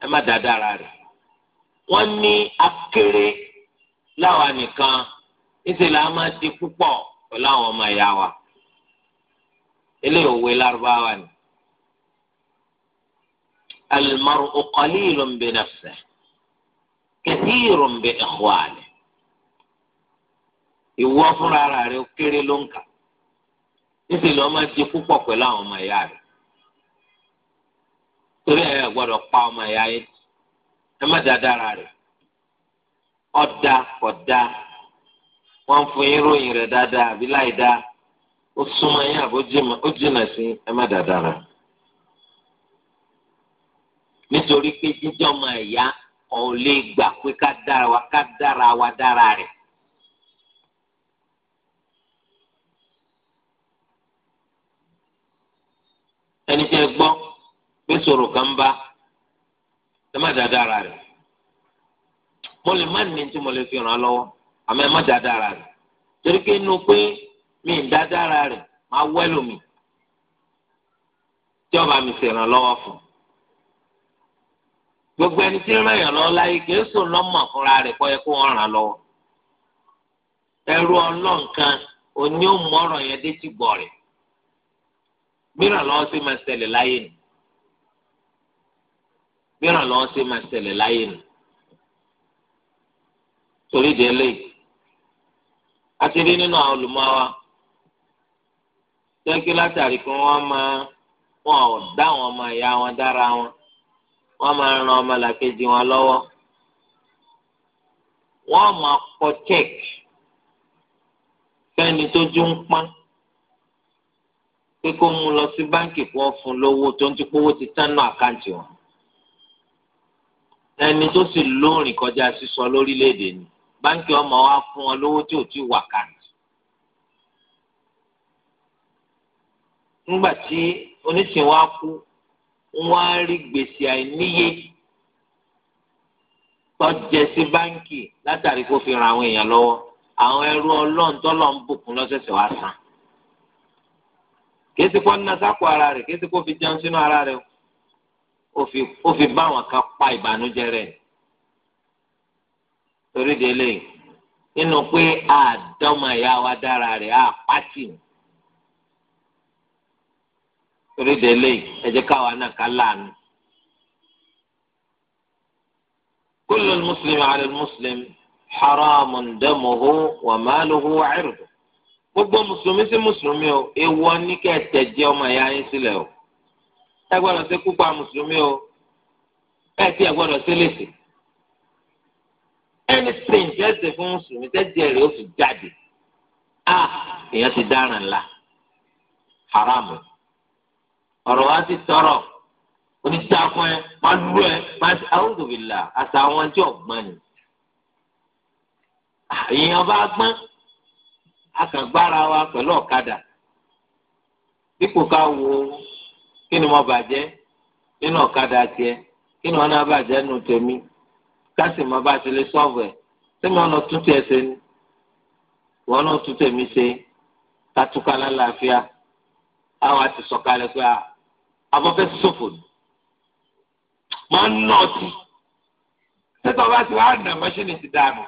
ẹ má dáadáa ara rẹ̀ wọ́n ní akéré láwa nìkan níṣẹ́ la máa di púpọ̀ pẹ̀lú àwọn ọmọ ìyá wa eléyìí òwe lárúbáwá ni al-mar'u qalilun bi nafsihi kathirun bi ikhwanihi ìwọ fúnra rẹ̀ ó kéré ló ń kà níṣẹ́ lọ́ọ́ máa di púpọ̀ pẹ̀lú àwọn ọmọ ìyá rẹ̀ torí ẹ gbọ́dọ̀ pa ọmọ ẹ̀yà yìí ẹ má da dára rẹ̀ ọ̀dà kọ̀dà wọ́n fún yín ròyìn rẹ̀ dáadáa àbí láì dáa ó súnmọ́ yín àbó jìnnà sí ẹ má da dára. nítorí pé jíjọ́ ọmọ ẹ̀yà ò lè gbà pé ká dára wa ká dára wa dára ẹni gbọ́. bí soro kan bá ẹ má dáadáa ara mo lè má ní tí mo fi ràn án ẹ má ara torí pé mi ń ara rẹ̀ máa wẹ́ tí ọba mi sì ràn fún gbogbo ẹni tí ń ràn yàn lọ́wọ́ láyé kì í sùn fúnra rẹ̀ kọ́ yẹ kó wọ́n ràn lọ́wọ́ ẹrú ọlọ́nkan òní yẹn dé ti gbọ̀ rẹ̀ mìíràn lọ́wọ́ bí ìrànlọ́wọ́ ṣe máa ṣẹlẹ̀ láyé nù torí ìdí eléyìí a ti rí nínú àwọn olùmọ́wa jẹ́kí látàrí pé wọ́n máa wọn dá àwọn ọmọ ìyá wọn dára wọn wọ́n máa ran ọmọlàkejì wọn lọ́wọ́ wọ́n máa kọ check fẹ́ni tó jú ń pọ́n pé kó mú lọ sí báǹkì kó fún lówó tó ń ti pówó ti tán náà àkáǹtì wọn ẹni tó sì lóòrìn kọjá sísọ lórílẹ̀‐èdè ni báńkì ọmọ wa fún ọ lówó tí ò tí wà kàǹtì. nígbà tí oníṣìn wa kú wọ́n á rí gbèsè àìníye tọ́jẹ sí báńkì látàrí kó fi ran àwọn èèyàn lọ́wọ́ àwọn ẹrú ọlọ́run tọ́lọ́ ń bùkún lọ́sẹ̀sẹ̀ wá san kìí ti kọ́ ní nasáko ara rẹ̀ kìí ti kó fi jẹun sínú ara rẹ̀ o ó fi bá àwọn kan pa ìbànújẹ́ rẹ̀ torí délé nínú pé àdánmọ ìyá wa dára rẹ̀ á pàtì torí délé ẹ káwa náà ká láàánú. كل المسلم على المسلم حرام دمه وماله وعرضه gbogbo mùsùlùmí sí mùsùlùmí o èèwọ̀ ní kẹ́ tẹ̀jẹ̀ ọmọ ìyá yín sílẹ̀ o ẹ gbọ́dọ̀ ṣe kúpa mùsùlùmí o ẹ ti ẹ gbọ́dọ̀ ṣe léṣe anything tẹ́ ṣe fún mùsùlùmí tẹ́ díẹ̀ o ó fi jáde a èèyàn ti dáràn ńlá haramu ọ̀rọ̀ wa ti tọrọ oníṣàkùn ẹ máa lù ẹ máa ṣe àwùjọbìlà àṣà àwọn tí ọgbọ́n ni èèyàn bá gbọ́n akàgbára wa pẹ̀lú ọ̀kadà dípò ká wo kí ni mo bàjẹ́ nínú ọ̀kadà tiẹ̀ kí ni wọn náà bàjẹ́ nù tèmi káṣí mo bá ti lè sọ́ọ̀bù ẹ̀ tí mo lọ tún tiẹ̀ ṣe ni wọn náà tún tèmi ṣe kátúkà lálàáfíà àwọn àti sọ̀kalẹ̀ pé abọ́fẹ́ sòfò ni máa ń nà ọtí tẹ́tọ́ bá ti wá nà mọ́ṣínì ti dànù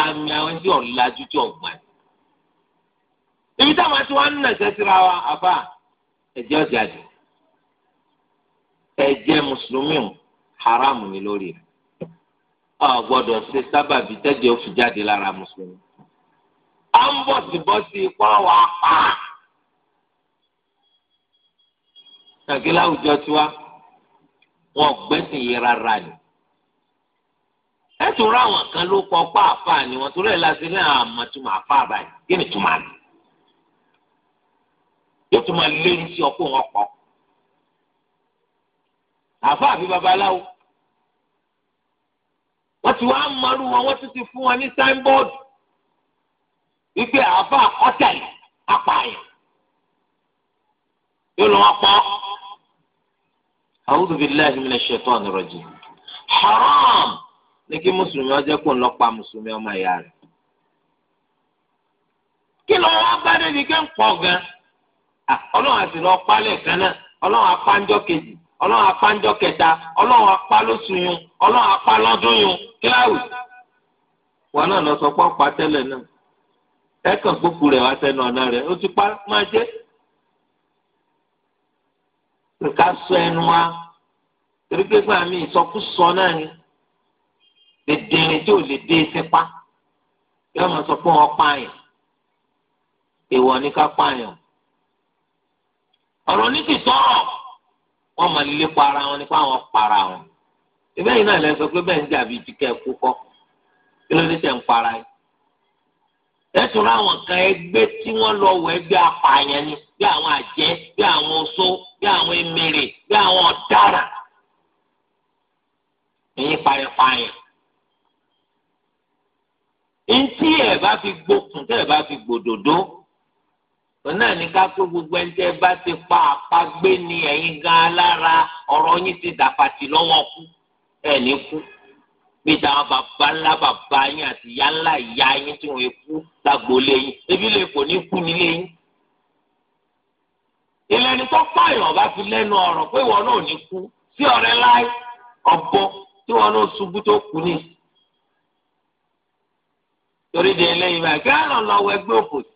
àmì àwọn tí ọ̀làjú tí ọ̀gbọ́n ibi táwọn àti wọn nà ṣẹ́ síra wa àbá ẹ̀jẹ̀ ọ̀jáde ẹ̀jẹ̀ mùsùlùmí haramu ni lórí rẹ̀ ọ gbọ́dọ̀ ṣe sábàbí tẹ́jẹ̀ ó fi jáde lára mùsùlùmí à ń bọ̀ sí bọ́ sí ipò wà pa. kàkí láwùjọ tiwa wọn gbẹ́sìn yìí rárá ni ẹ tún ra àwọn kan ló kọ pa ni wọn torí ẹ láti ní àmọtúmọ àfa àbáyé kí ni túmọ̀ àná yóò tún máa lérí sí ọkọ wọn pọ àfa àbí babaláwo wọ́n ti wá mọ́rú wọn wọ́n tún ti fún wọn ní sáínbọ́ọ̀dù wípé àfa ọ̀tẹ̀lì apààyàn yóò lọ́ wọn pọ́. A'udhu billahi minash shaitani rajim haram ní kí mùsùlùmí ọjọ́ kò ń lọ pa mùsùlùmí ọmọ ìyá rẹ̀ kí lọ́wọ́ bá débi kẹ́ ń pọ̀ gan-an. Ah, ọlọ́run àti lọ pálẹ̀ kan náà ọlọ́run apánjọ́ kejì ọlọ́run apánjọ́ kẹta ọlọ́run apá lóṣù yun ọlọ́run apá lọ́dún yun kíláwù. wọn náà lọ sọ pé ọ̀pá tẹ́lẹ̀ náà ẹ kàn gbókù rẹ̀ wá sẹ́nu ọ̀nà rẹ̀ ó ti pa máa jẹ́. nǹkan sọ ẹnu wa torí pé fún mi ìsọkúsọ náà ni dèdèrè tí ò lè dé sípa yóò máa sọ pé wọn pààyàn èèwọ̀ ní ká pààyàn ọ̀rọ̀ ní ti sọ̀rọ̀ wọ́n máa lé para wọn nípa àwọn para wọn ìbẹ́ yìí náà lẹ sọ pé bẹ́ẹ̀ ń dàbí ti kẹ́ ẹ kú kọ́ kí ló ní sẹ́ ń para yìí ẹ tún láwọn kan ẹgbẹ́ tí wọ́n lọ wọ ẹgbẹ́ apààyàn ni bí àwọn àjẹ́ bí àwọn oṣó bí àwọn emèrè bí àwọn ọ̀daràn ẹ̀yin payẹ̀payẹ̀ ntí ẹ̀ bá fi gbókun tẹ́ ẹ̀ bá fi gbòdòdó òun náà ní ká kó gbogbo ẹni tẹ́ bá ti pa àpá gbé ni ẹ̀yin gan lára ọ̀rọ̀ yín ti dàpàtì lọ́wọ́ kú ẹ̀ ní kú bí táwọn bàbá ńlá bàbá yín àti ìyá ńlá ìyá yín tí wọ́n kú lágbo lẹ́yìn ebi lè kò ní kú nílé yín. ìlẹ́ni tó pààyàn bá fi lẹ́nu ọ̀rọ̀ pé wọn náà ní kú sí ọ̀rẹ́ láì ọ̀bọ tí wọn náà ṣubú tó kú ní. torí de eléyìí báyìí kí á lọ lọ wọ ẹgbẹ́ òkòtì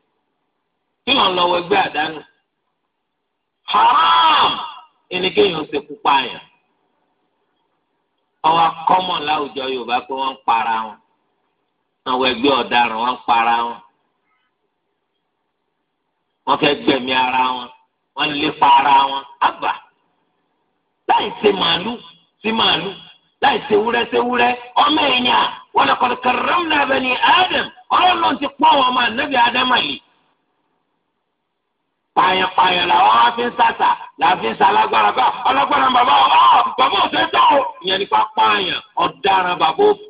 kí lọ́n lọ ẹgbẹ́ àdánù haram ẹni kéèyàn ṣe kú pààyàn àwọn akọ́mọ̀ láwùjọ yorùbá pé para wọn àwọn ẹgbẹ́ ọ̀daràn wọn para wọn wọn fẹ́ ara wọn wọn àgbà láì ṣe màálù màálù láì ṣe ṣe ọmọ wọn lọ́kọ̀ọ́kọ̀ rẹ́mùlá bẹ́ẹ̀ ni adam ọlọ́run ti pọ́n wọn máa nẹ́bí adam pààyàn-pààyàn làwọn á fi ń sàtà làfi ń sàlágbára bá ah, ọlọ́gbára bàbá ọ ah, bàbá òṣè tó ìyẹn nípa pààyàn ọ̀daràn bàbá òfò.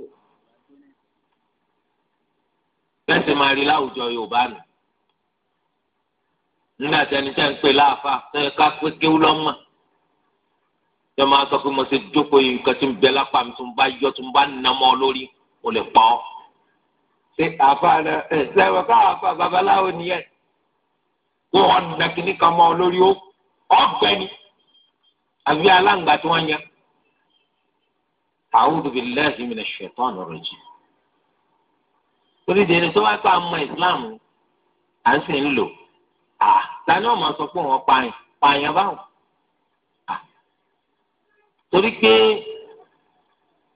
bẹ́sẹ̀ máa rí láwùjọ Yorùbá nù nígbà tí ẹni tẹ́ ń pè láàfà tẹ́ ká pé kéwú lọ́mọ yọ máa sọ pé mo ṣe jókòó yìí nǹkan tí ń bẹ lápá mi tó ń bá yọ tó ń bá nà mọ́ ọ lórí mo lè pa ọ́. ṣé àfa rẹ ẹ sẹ́wọ̀n káwọn àfa babaláwo nìyẹn pé wọn na kínní kan mọ lórí ó ọgbẹ ni àbí aláǹgbá tí wọn yẹ a'udhu billahi minash shaitani rajim oríṣi ẹni tó bá pa ọmọ islam à ń sì ń lò à tani ọmọ sọ pé wọn pààyàn pààyàn báwọn torí pé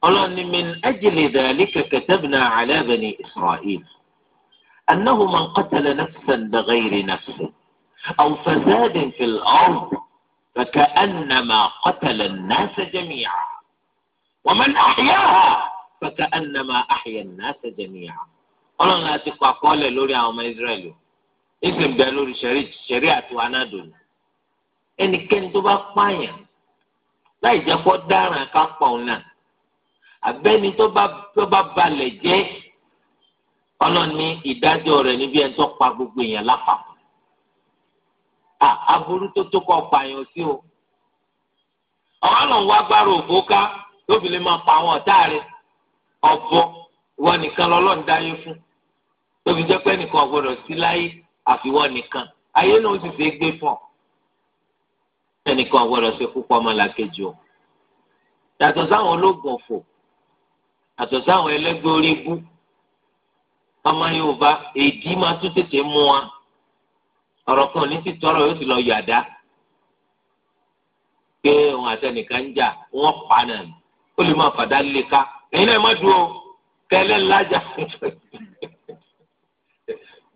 ọlọ́ni min ajli dhalika katabna ala bani isra'il annahu man qatala nafsan bighayri nafsin. أو فساد في الأرض فكأنما قتل الناس جميعا ومن أحياها فكأنما أحيا الناس جميعا ọlọ́run láti kọ àkọọ́lẹ̀ lórí àwọn ọmọ israẹli o ìsìn bẹ lórí ṣẹ̀rí àti wanádò ni ẹnikẹ́ni tó bá pààyàn láì jẹ́ kó dáràn ká pọ̀n náà abẹ́ni tó bá tó bá balẹ̀ jẹ́ ọlọ́run ní ìdájọ́ rẹ̀ níbi ẹni tó pa gbogbo èèyàn lápapọ̀ aburú tó tó kọ pààyàn sí o àwọn àlọ́n wá gbára òbó ká lóbi lè máa pa àwọn ọ̀tá rẹ ọ̀bọ ìwọ nìkan lọ́lọ́run dáyé fún lóbi jẹ́ pé nìkan ọ̀gbọ́dọ̀ sí láyé àfiwọ́ nìkan ayé náà ó sì fi gbé fún ọ ẹnìkan ọ̀gbọ́dọ̀ ṣe púpọ̀ ọmọlàkejì o yàtọ̀ sáwọn ológun ọ̀fọ̀ yàtọ̀ sáwọn ẹlẹ́gbẹ́ orí bú ọmọ Yorùbá èdè máa tún tètè mú wa ọ̀rọ̀ kan ní ti tọrọ yóò sì lọ yọ àdá pé òun àtẹnìkan ń jà wọ́n pa náà ó lè má fàdá lè ká ẹ̀yin náà má dúró kẹlẹ́ ńlájà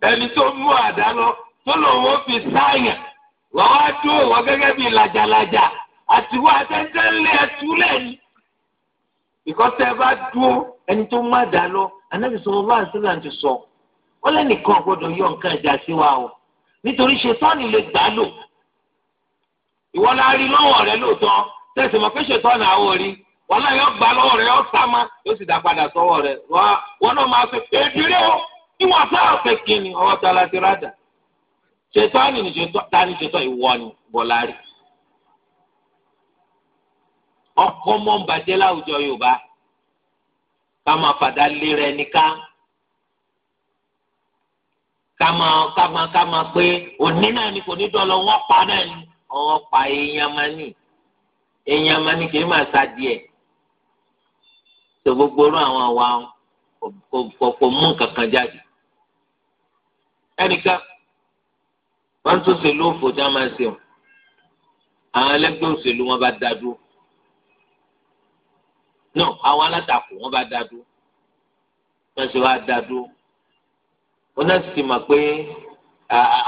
ẹni tó mú àdá lọ tó lòun ó fi sáyàn wọ́n wá dúró wọ́n gẹ́gẹ́ bí làjàlàjà àtiwọ́ àtẹ́ńtẹ́ńlẹ̀ ẹ̀túlẹ̀ ni ìkọ́tẹ́ bá dúró ẹni tó má dá lọ anábìsọ̀rọ̀ bá àṣìlá ti sọ wọ́n lẹ́nìkan gbọ́dọ̀ yọ nǹkan ìjà sí wa o. nítorí ṣètọ́ni lè gbà lò ìwọ la rí lọ́wọ́ rẹ lóòótọ́ tẹ̀sí mọ̀ pé ṣètọ́ni àwọ̀ rí wọn náà yọ gbà lọ́wọ́ rẹ yọ sá ma yóò sì dá padà sọ́wọ́ rẹ wọn náà máa o kíni ọwọ́ la ti ọkọ mọ́ ń bàjẹ́ láwùjọ Yorùbá ká máa fàdá kama kama kama pé òní náà ni kò ní dọ̀lọ́ wọ́n pa náà ni ọwọ́ pa èèyàn máa ní èèyàn máa ní kì í máa sa díẹ̀ tó gbogbo orú àwọn àwa kò mú nǹkan kan jáde ẹnìkan wọn tún ṣèlú òfò tí wọn máa ṣe wọn àwọn ẹlẹgbẹ́ òṣèlú wọn bá dá dúró náà àwọn alátakò wọn bá dá dúró wọn sì wá dá dúró onásìkì mọ̀ pé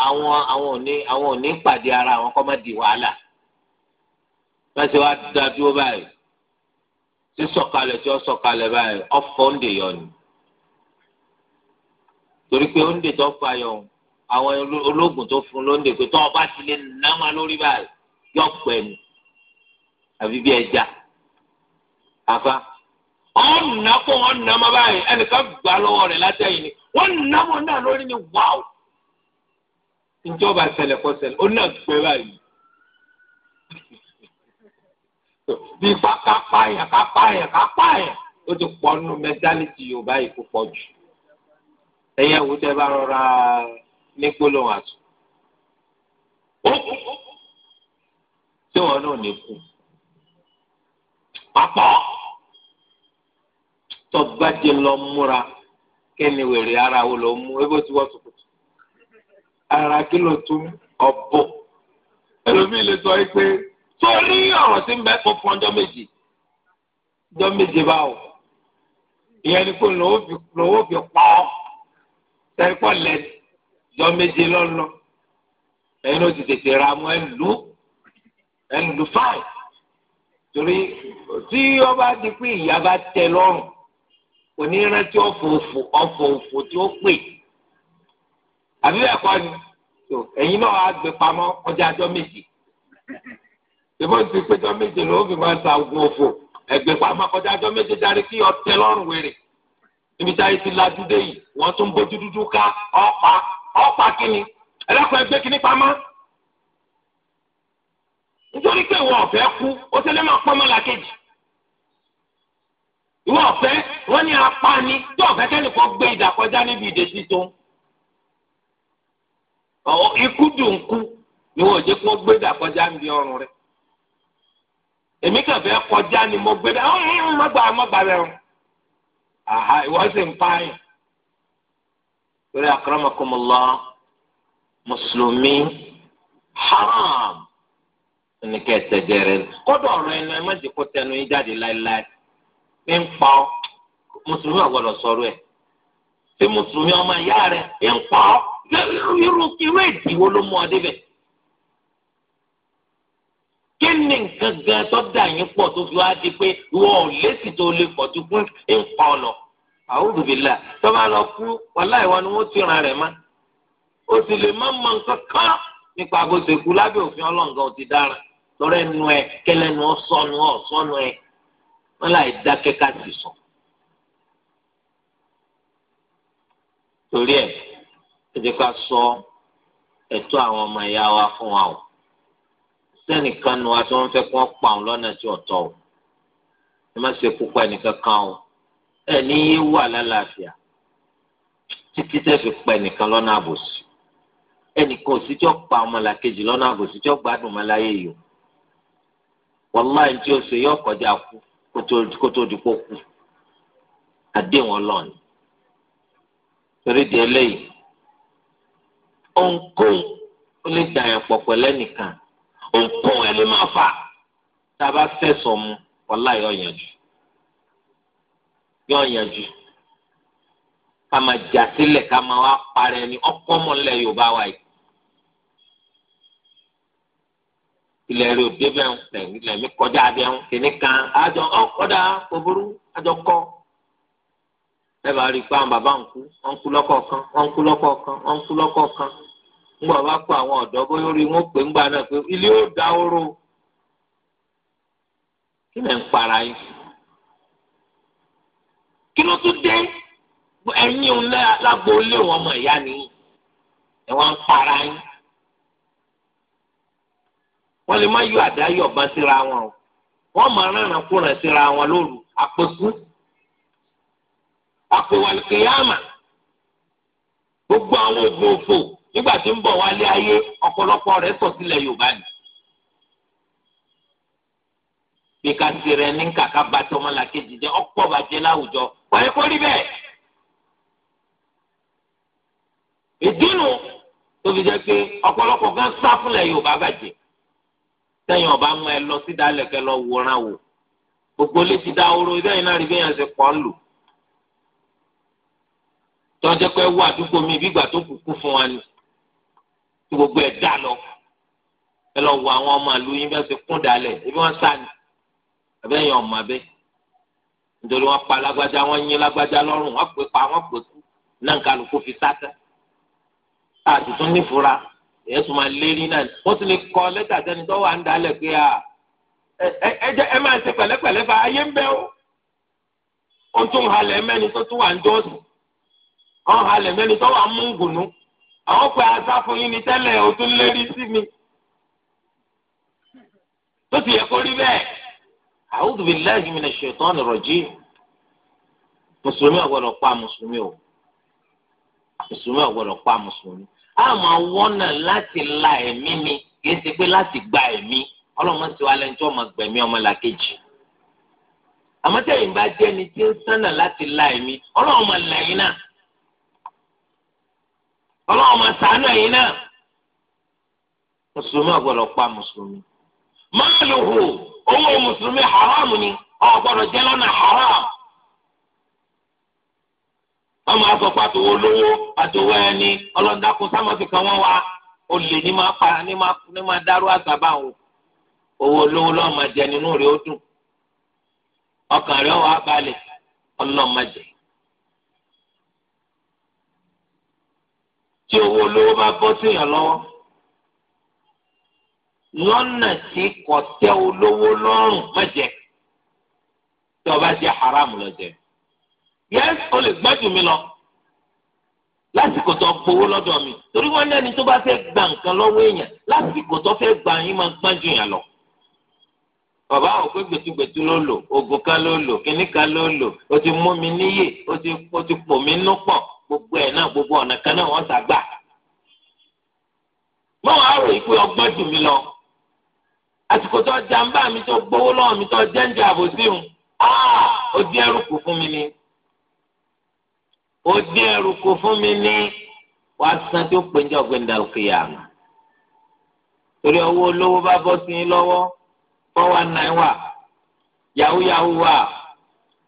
àwọn àwọn òní àwọn òní pàdé ara àwọn kọ́ má di wàhálà wọ́n ti wá da dúró báyìí tí sọ̀kalẹ̀ tí ó sọ̀kalẹ̀ báyìí ọ̀fọ̀ ńdè yọ ni torí pé ńdè tó fa yọ àwọn ológun tó fún lóńdè pé tó ọba ti lè nà má lórí báyìí yọ pẹ̀ ni àbí bí ẹja àfa ọ̀n nà kó wọn nà má báyìí ẹnìkan gbà lọ́wọ́ rẹ̀ látẹ̀yìn ni wọ́n nà mọ́ náà lórí ni wáwù. ìjọba ṣẹlẹ̀ kọ́ ṣẹlẹ̀ ó náà gbẹ báyìí. bí ipa ká pààyàn ká pààyàn ká pààyàn ó ti pọ̀ nù mẹ́tálítì yorùbá yìí kó pọ̀ jù. ẹ̀yẹ wo tẹ́ bá rọra ní gbólóhùn àtò. tí wọn náà ní kú. pápá tọ́gbàjẹ lọ múra kẹ́ni wèrè ara wo ló mú ebó tí wọ́n tukutu ara kí ló tún ọ̀bọ ẹlòmíì lè sọ pé torí ọ̀rọ̀ tí ń bẹ kó fún ọjọ́ méje ọjọ́ méje báwo ìyẹn ni kò lówó fi pọ́ sẹ́kọ̀ lẹ́nu ọjọ́ méje lọ́nà ẹ̀yin ló ti tètè ra mọ́ ẹ̀ lù fáì torí tí ọba di pé ìyá bá tẹ lọ́rùn oníranti ọ̀fọ̀ọ̀fọ̀ ọ̀fọ̀ọ̀fọ̀ tí ó pè àbí bẹ́ẹ̀ kọ́ ni ẹ̀yin náà á gbé pamọ́ ọjà àjọ méje ìbọn ti péjọ méje ló fi máa ta ogun òfò ẹgbẹ́ pamọ́ ọjà àjọ méje darí kí ọtẹ lọ́rùn wèrè níbi táyé ti lajú dé yìí wọ́n tún bójú dúdú ká ọ̀pá ọ̀pá kínní ẹlẹ́kọ̀ọ́ ẹgbẹ́ kínní pamọ́ nítorí pé wọn ọ̀fẹ́ kú ó tẹ́lẹ̀ máa pọ́nmọ́ làkejì. ìwọ ọ̀fẹ́ wọ́n ní apá ni tí ọ̀fẹ́ kẹ́nìkan gbé ìdàkọjá níbi ìdè sísun ikú dùn kú ni wọ́n jẹ́ kó gbé ìdàkọjá níbi ọrùn rẹ èmi kàn kọjá ni mo gbé ìdà ọ̀hún mọ́gbà mọ́gbà rẹ̀ àhá ìwọ sì haram kọ́dọ̀ ọ̀rọ̀ ẹ má jẹ́ kó tẹnu yín jáde láéláé. pé ń pa ọ mùsùlùmí ọ̀gbọ́dọ̀ sọ̀rọ̀ ẹ̀ pé mùsùlùmí ọmọ ìyá rẹ̀ ń pa ọ irú irú ìdíwó ló mú ọ débẹ̀. kí ni nǹkan gan tó dà yín pọ̀ tó fi wá di pé ìwọ ò lésì tó lè pọ̀ tó fún ń pa ọ lọ. àwùjọ bìlà tó bá lọ kú wàhálà ìwọ ni wọ́n ti ràn rẹ̀ mọ́. o sì lè má mọ nǹkan kan nípa bó ṣe kú lábẹ́ òfin ọlọ́ǹgàn ò ti dára lọ́rẹ́ nu ẹ kẹlẹ́nu ọ sọnù ẹ wọn láì dákẹ́ ká sì sùn. torí ẹ ẹ jẹ́ ká sọ ẹ̀tọ́ àwọn ọmọ ìyá wa fún wa o sẹ́nìkan nu wa tí wọ́n fẹ́ kó wọ́n pa òun lọ́nà tí ọ̀tọ̀ o ẹ má ṣe púpọ̀ ẹnìkan kan o ẹ ní yé wà lálàáfíà títí tẹ́ fi pa ẹnìkan lọ́nà àbòsí ẹnìkan ò sí tí ó pa ọmọlàkejì lọ́nà àbòsí tí ó gbádùn ọmọláyé yìí o wàláì tí ó ṣe yọ kọjá kú kó tó di kó kú àdéhùn ọlọ́ọ̀ni torí di eléyìí ohunkóhun ó lè dà yàn pọ̀ pẹ̀lẹ́ nìkan ohunkóhun ẹ̀ lè máa fà tá a bá fẹ̀sọ̀ mu wàhálà yóò yànjú yóò yànjú ká máa jà sílẹ̀ ká máa wá parẹ́ ni ọkọ́ mọ́lẹ̀ Yorùbá wa yìí ilẹ̀ rẹ̀ ò débẹ̀ ń tẹ̀ ilẹ̀ mi kọjá abẹ́ ń kíní kan àjọ ọ̀kọ́dà òbúrú àjọ kọ́ ẹ bá rí i pé àwọn bàbá ń kú wọ́n ń kú lọ́kọ̀ọ̀kan wọ́n ń kú lọ́kọ̀ọ̀kan wọ́n ń kú lọ́kọ̀ọ̀kan ńgbà bá kó àwọn ọ̀dọ́ bóyá orí wọn pè ńgbà náà pé ilé ó da oró kí lẹ̀ ń para yín kí ló tún dé ẹ̀yìn òun lágbo ilé wọn ọmọ ìyá nìyí ẹ̀ wọ́n ń para yín wọ́n lè má yọ àdáyọ̀ bá síra wọn o wọ́n máa rànràn awọn síra wọn lóru àpèkú àpèwàlùkìyàmà gbogbo àwọn ògùn òfò nígbà tí ń bọ̀ wálé ayé ọ̀pọ̀lọpọ̀ rẹ̀ sọ sílẹ̀ Yorùbá ni. bí ká rẹ ní kàkà bá láwùjọ kó rí ìdúnnù sẹ́yìn ọba mọ ẹ lọ sí dálẹ̀kẹ́ lọ wòran wò gbogbo lè ti da oró bẹ́ẹ̀ náà rí bẹ́ẹ̀ yẹn ṣe pọ̀ ń lò tọ́jọ́ pé wọ àdúgbò mi bí ìgbà tó kúkú fún wa ni tí gbogbo ẹ̀ dá lọ ẹ lọ wọ àwọn ọmọ àlù yín bẹ́ẹ̀ ṣe kún dálẹ̀ ebi wọ́n sá ni abẹ́yẹn ọmọ abẹ́ nítorí wọ́n pa lágbájá wọ́n yín lágbájá lọ́rùn wọ́n pè pa wọ́n pè kú náà kálukú fi sátẹ́ àtúntún nífura èyí tún máa lérí náà ó ti lè kọ lẹ́tà sẹ́ni tó wà ń dalẹ̀ pé a ẹ jẹ́ ẹ máa ṣe pẹ̀lẹ́pẹ̀lẹ́ fa ayé ń bẹ o ó tún halẹ̀ mẹ́ni tó tún wà ń jọ́sìn halẹ̀ mẹ́ni tó wà ń mú gùnú àwọn pé asá fún yín ni tẹ́lẹ̀ tún sí mi tó ti yẹ kó rí bẹ́ẹ̀ mùsùlùmí pa mùsùlùmí o mùsùlùmí pa mùsùlùmí. a máa wọ́nà láti la ẹ̀mí mi kì í ṣe pé láti gba ẹ̀mí ọlọ́run ti wá lẹ́ni tí wọ́n máa gbẹ̀mí ọmọlàkejì àmọ́ tẹ̀yìn bá jẹ́ ni tí ń sánà láti la ẹ̀mí ọlọmọ máa là yín náà ọlọ́run máa sàánú ẹ̀yin náà mùsùlùmí ọ̀gbọ́dọ̀ pa mùsùlùmí máàlùhù owó mùsùlùmí haram ni ọ̀gbọ́dọ̀ jẹ́ lọ́nà haram. wọn máa sọ pé àtòwò olówó àtòwò ẹni ọlọ́dàkùn sámọ́sì kan wọ́n wá olè ní máa pa ní máa ní máa dárú àgbàbà wọn owó olówó lọ́wọ́ máa jẹ nínú rẹ̀ ó dùn ọkàn rẹ̀ wà balẹ̀ ọlọ́ọ̀ máa jẹ. tí owó olówó bá bọ́ síyàn lọ́wọ́ lọ́nà tí kò tẹ́ olówó lọ́rùn má jẹ tí ọba jẹ haram lọ yes o lè gbájú mi lọ lásìkò tó gbowó lọ́dọ̀ mi torí wọ́n lẹ́ni tó bá fẹ́ gba nǹkan lọ́wọ́ èèyàn lásìkò tó fẹ́ gba yín máa gbájú yàn lọ. bàbá òkú gbẹtugbẹtu ló lò oògùn kan ló lò kínní kan ló lò o ti mú mi níyè o ti o ti pò mí nú pọ̀ gbogbo ẹ̀ náà gbogbo ọ̀nà kan náà wọ́n sàgbà. mọ́ wàá rò yí pé ọgbọ́n jù mí lọ àsìkò tó jàǹbá mi tó gbowó lọ́wọ́ mi tó jẹ́ǹjẹ́ àbòsí ó dín ẹrù kù fún mi ní wàá san tí ó pè ní ọ̀gbìn dàlùkìyàmù torí owó olówó bá bọ́ sí i lọ́wọ́ four one nine wà yahoo yahoo wà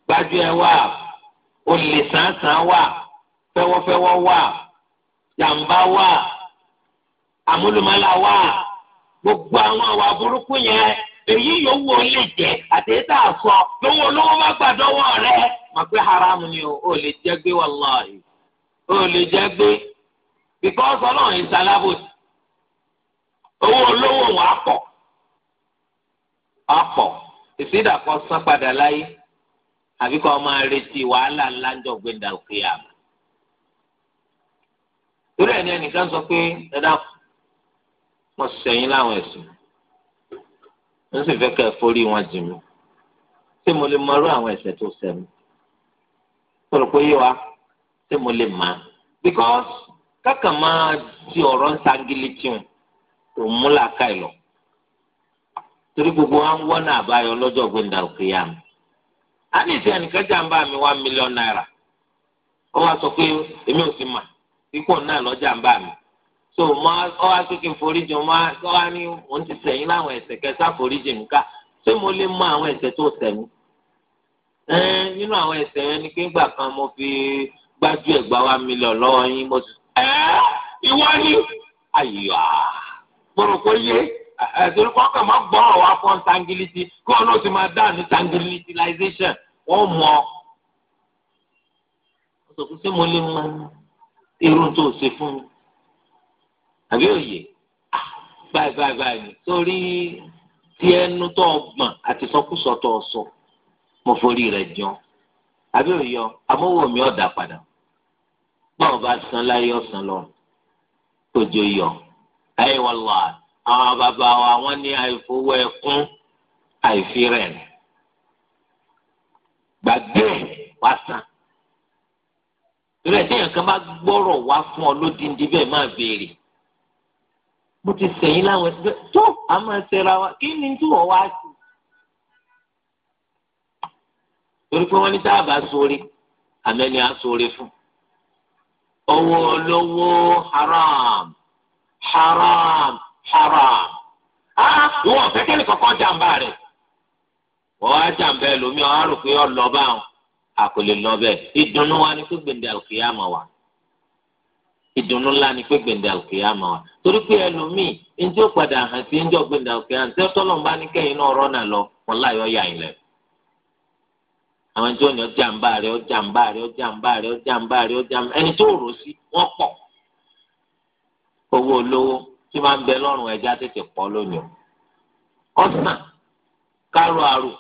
gbájúẹ̀ wà olè sàǹsàn wà fẹ́wọ́fẹ́wọ́ wà jàǹbá wà àmúlùmálà wà gbogbo àwọn àwà burúkú yẹn èyí yòówù ó lè jẹ àtẹ̀yẹ́tà àfọ lówó lówó má gbàdọ́wọ́ rẹ mà pé haram ni o ò lè jẹ gbé wàláhì ò lè jẹ gbé because ọlọ́run ìsalábòsì owó olówó wọn á pọ̀ á pọ̀ ìsídàkọ san padà láyé àbí kọ́ máa retí wàhálà ńlá ńjọ gbẹ̀dà òkè àmà. torí ẹ̀ ní ẹnìkan sọ pé ẹ dákun mo sẹ́yìn láwọn ẹ̀sùn ń sì fẹ́ kẹ́ ẹ forí wọn jì mí ṣé mo lè mọ irú àwọn ẹ̀ṣẹ̀ tó ṣẹ̀ mí sọ̀rọ̀ pé yé wa ṣé mo lè mọ̀ because kákan máa di ọ̀rọ̀ ń sangilitiun kò mú làákà ẹ̀ lọ torí gbogbo wa ń wọ́nà àbáyọ lọ́jọ́ gbẹ̀ndà òkè yá mi á ní ìsìn ànìkan jàǹbá mi wá mílíọ̀nù náírà ó wá sọ pé èmi ò sì mà ikú náà lọ́jà ń bá mi so mo ọ wá pé kí n foríjì mo máa ọ wá ní òun ti ṣẹ̀yìn láwọn ẹ̀ṣẹ̀ kẹta foríjì mi ká ṣé mo lè mọ àwọn ẹ̀ṣẹ̀ tó ṣẹ̀ mí. nínú àwọn ẹ̀ṣẹ̀ yẹn ni pé ńgbà kan mo fi gbájú ẹ̀gbá wa mílíọ̀n lọ́wọ́ yín mo sì. ẹ ìwọ ni àyà gbọ̀rọ̀kọ yé ẹ̀sìn kan kàn máa gbọ́ ọ̀wá fún sangiliti kí wọn náà ti máa dá ní sangilitization wọ́n mọ̀ mo sọ pé ṣé mo lè mọ irun tó ṣe fún mi àbí òye ah, báyìí báyìí báyìí ni sórí tí ẹnu tó gbọ̀n àti sọkúsọ tó sọ mo forí rẹ̀ jẹun àbí òye ọ amówó mi ọ̀dà padà báwo bá san láyé ọ̀sán lọ tójó yọ ayé wọn lọ àwọn bàbá wa wọn ní àìfowó ẹkún àìfi gbàgbé wá san ìrẹsì yẹn kan bá gbọ́rọ̀ wá fún ọ lódìndín bẹ́ẹ̀ máa béèrè bó ti sẹ̀yìn láwọn ẹgbẹ́ tó a máa ṣẹra wa kí ni tí wọ́n wá sí. torí pé wọ́n ní sáàbà sóore àmẹ́ni á sóore fún. owó olówó haram haram haram. ìwọ̀n fẹ́kẹ́ ní kọ́kọ́ jàǹbá rẹ̀. wọ́n á jàǹbá ẹlòmíì ọ̀hún àròpé ọ̀lọ́bà àwọn àkọlé lọ́bẹ̀ ìdùnnú wa ni pé gbèǹdé àlùkìyàmọ̀ wa. ìdùnnú ńlá ni pé gbẹ̀ndẹ̀ àlùkìyàmọ̀ wa torí pé ẹlòmíì ẹnjẹ́ òpadà hàn sí ẹnjẹ́ gbẹ̀ndẹ̀ àlùkìyàmọ̀ tí ọtọ́ lọ́nba ní náà lọ wọn láyọ yà àwọn ẹnjẹ́ ni ọjà ń bá rẹ ọjà ń bá ẹni tó rò pọ̀. owó olówó tí máa ń bẹ lọ́rùn tètè pọ̀ lónìí ọ̀sán kárò àrò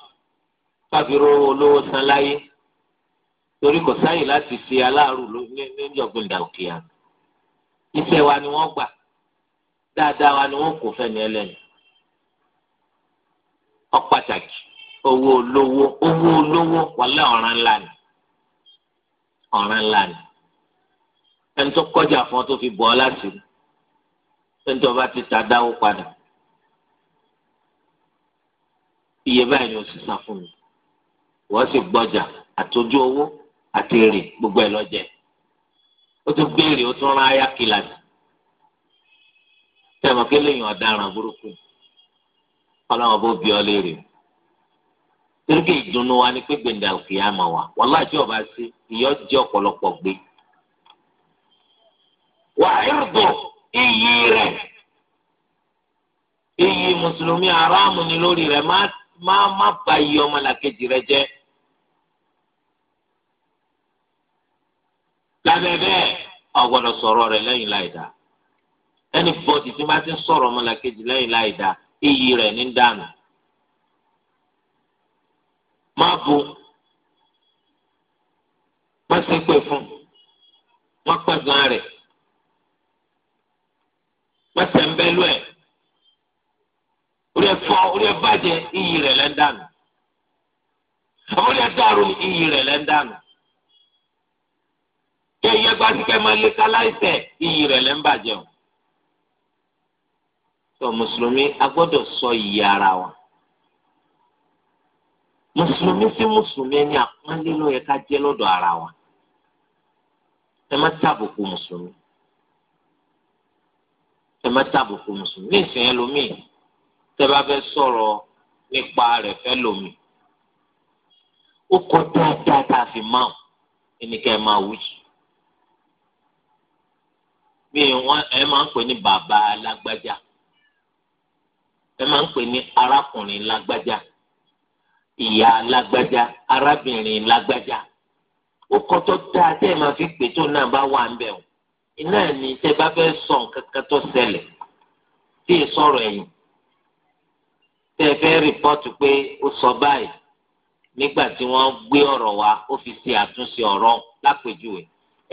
ìfẹ́ wa ni wọ́n gbà dáadáa wa ni wọ́n kò fẹ́ ní ẹlẹ́nu ọ̀pàtàkì owó olówó owó olówó wọlé ọ̀ràn ńlá ni ọ̀ràn ńlá ni ẹni tó kọjá fún ọ tó fi bọ̀ ọ́ láti rí ẹni tó bá ti ta dáwó padà iye báyìí ni o sì san fún mi wọ́n sì gbọ́jà àtọ́jú owó àti èrè gbogbo ẹ̀ lọ́jẹ̀ẹ́ ó tún béèrè ó tún rán aya kìlàsì tẹmọ kí lèyìn ọ̀daràn burúkú Ọlọ́run bó bí ọ léèrè tẹlifí ìdùnnú wa ni pé gbẹndà òkè àmà wa wàláhì tí ọba sí ìyọ jẹ ọ̀pọ̀lọpọ̀ gbé wàhálùbọ iyì rẹ iyì mùsùlùmí aráàmù ni lórí rẹ má má má ba iyì ọmọlàkejì rẹ jẹ́. lábẹ́ bẹ́ẹ̀ ọ̀gbọ́dọ̀ sọ̀rọ̀ rẹ̀ lẹ́yìn láìda ẹni bọ́dì tí máa ti ń sọ̀rọ̀ ọmọlàkejì lẹ́yìn láìda iyì rẹ̀ ní dànù má bu fún rẹ̀ ń bẹ́lú ẹ̀ kẹ yẹ gbasikẹ máa lé kaláìsẹ iyì rẹ̀ lẹ ń bàjẹ́ o tó mùsùlùmí a gbọ́dọ̀ sọ iyì ara wa mùsùlùmí sí mùsùlùmí ẹni àpọ́nlé ló yẹ ká jẹ́ lọ́dọ̀ ara wa ẹ má tàbùkù mùsùlùmí ẹ má tàbùkù mùsùlùmí ní ìsìn yẹn lómi tẹ bá fẹ́ sọ̀rọ̀ nípa rẹ̀ fẹ́ lómi ó kọ dáadáa tá a fi máa ẹnì máa wí jù bí wọn ẹ máa ń pè ní bàbá lágbájá ẹ máa ń pè ní arákùnrin lágbájá ìyá lágbájá arábìnrin lágbájá òkan tó dáa tẹ́ ẹ máa fi pè tó náà bá wà ń bẹ̀ o iná ni tẹ́ bá fẹ́ sọ nǹkan kan tó ṣẹlẹ̀ tí ì sọ̀rọ̀ ẹ̀yìn tẹ́ ẹ fẹ́ rìpọ́tù pé ó sọ báyìí nígbà tí wọ́n gbé ọ̀rọ̀ wa ó fi ṣe àtúnṣe ọ̀rọ̀ lápèjúwe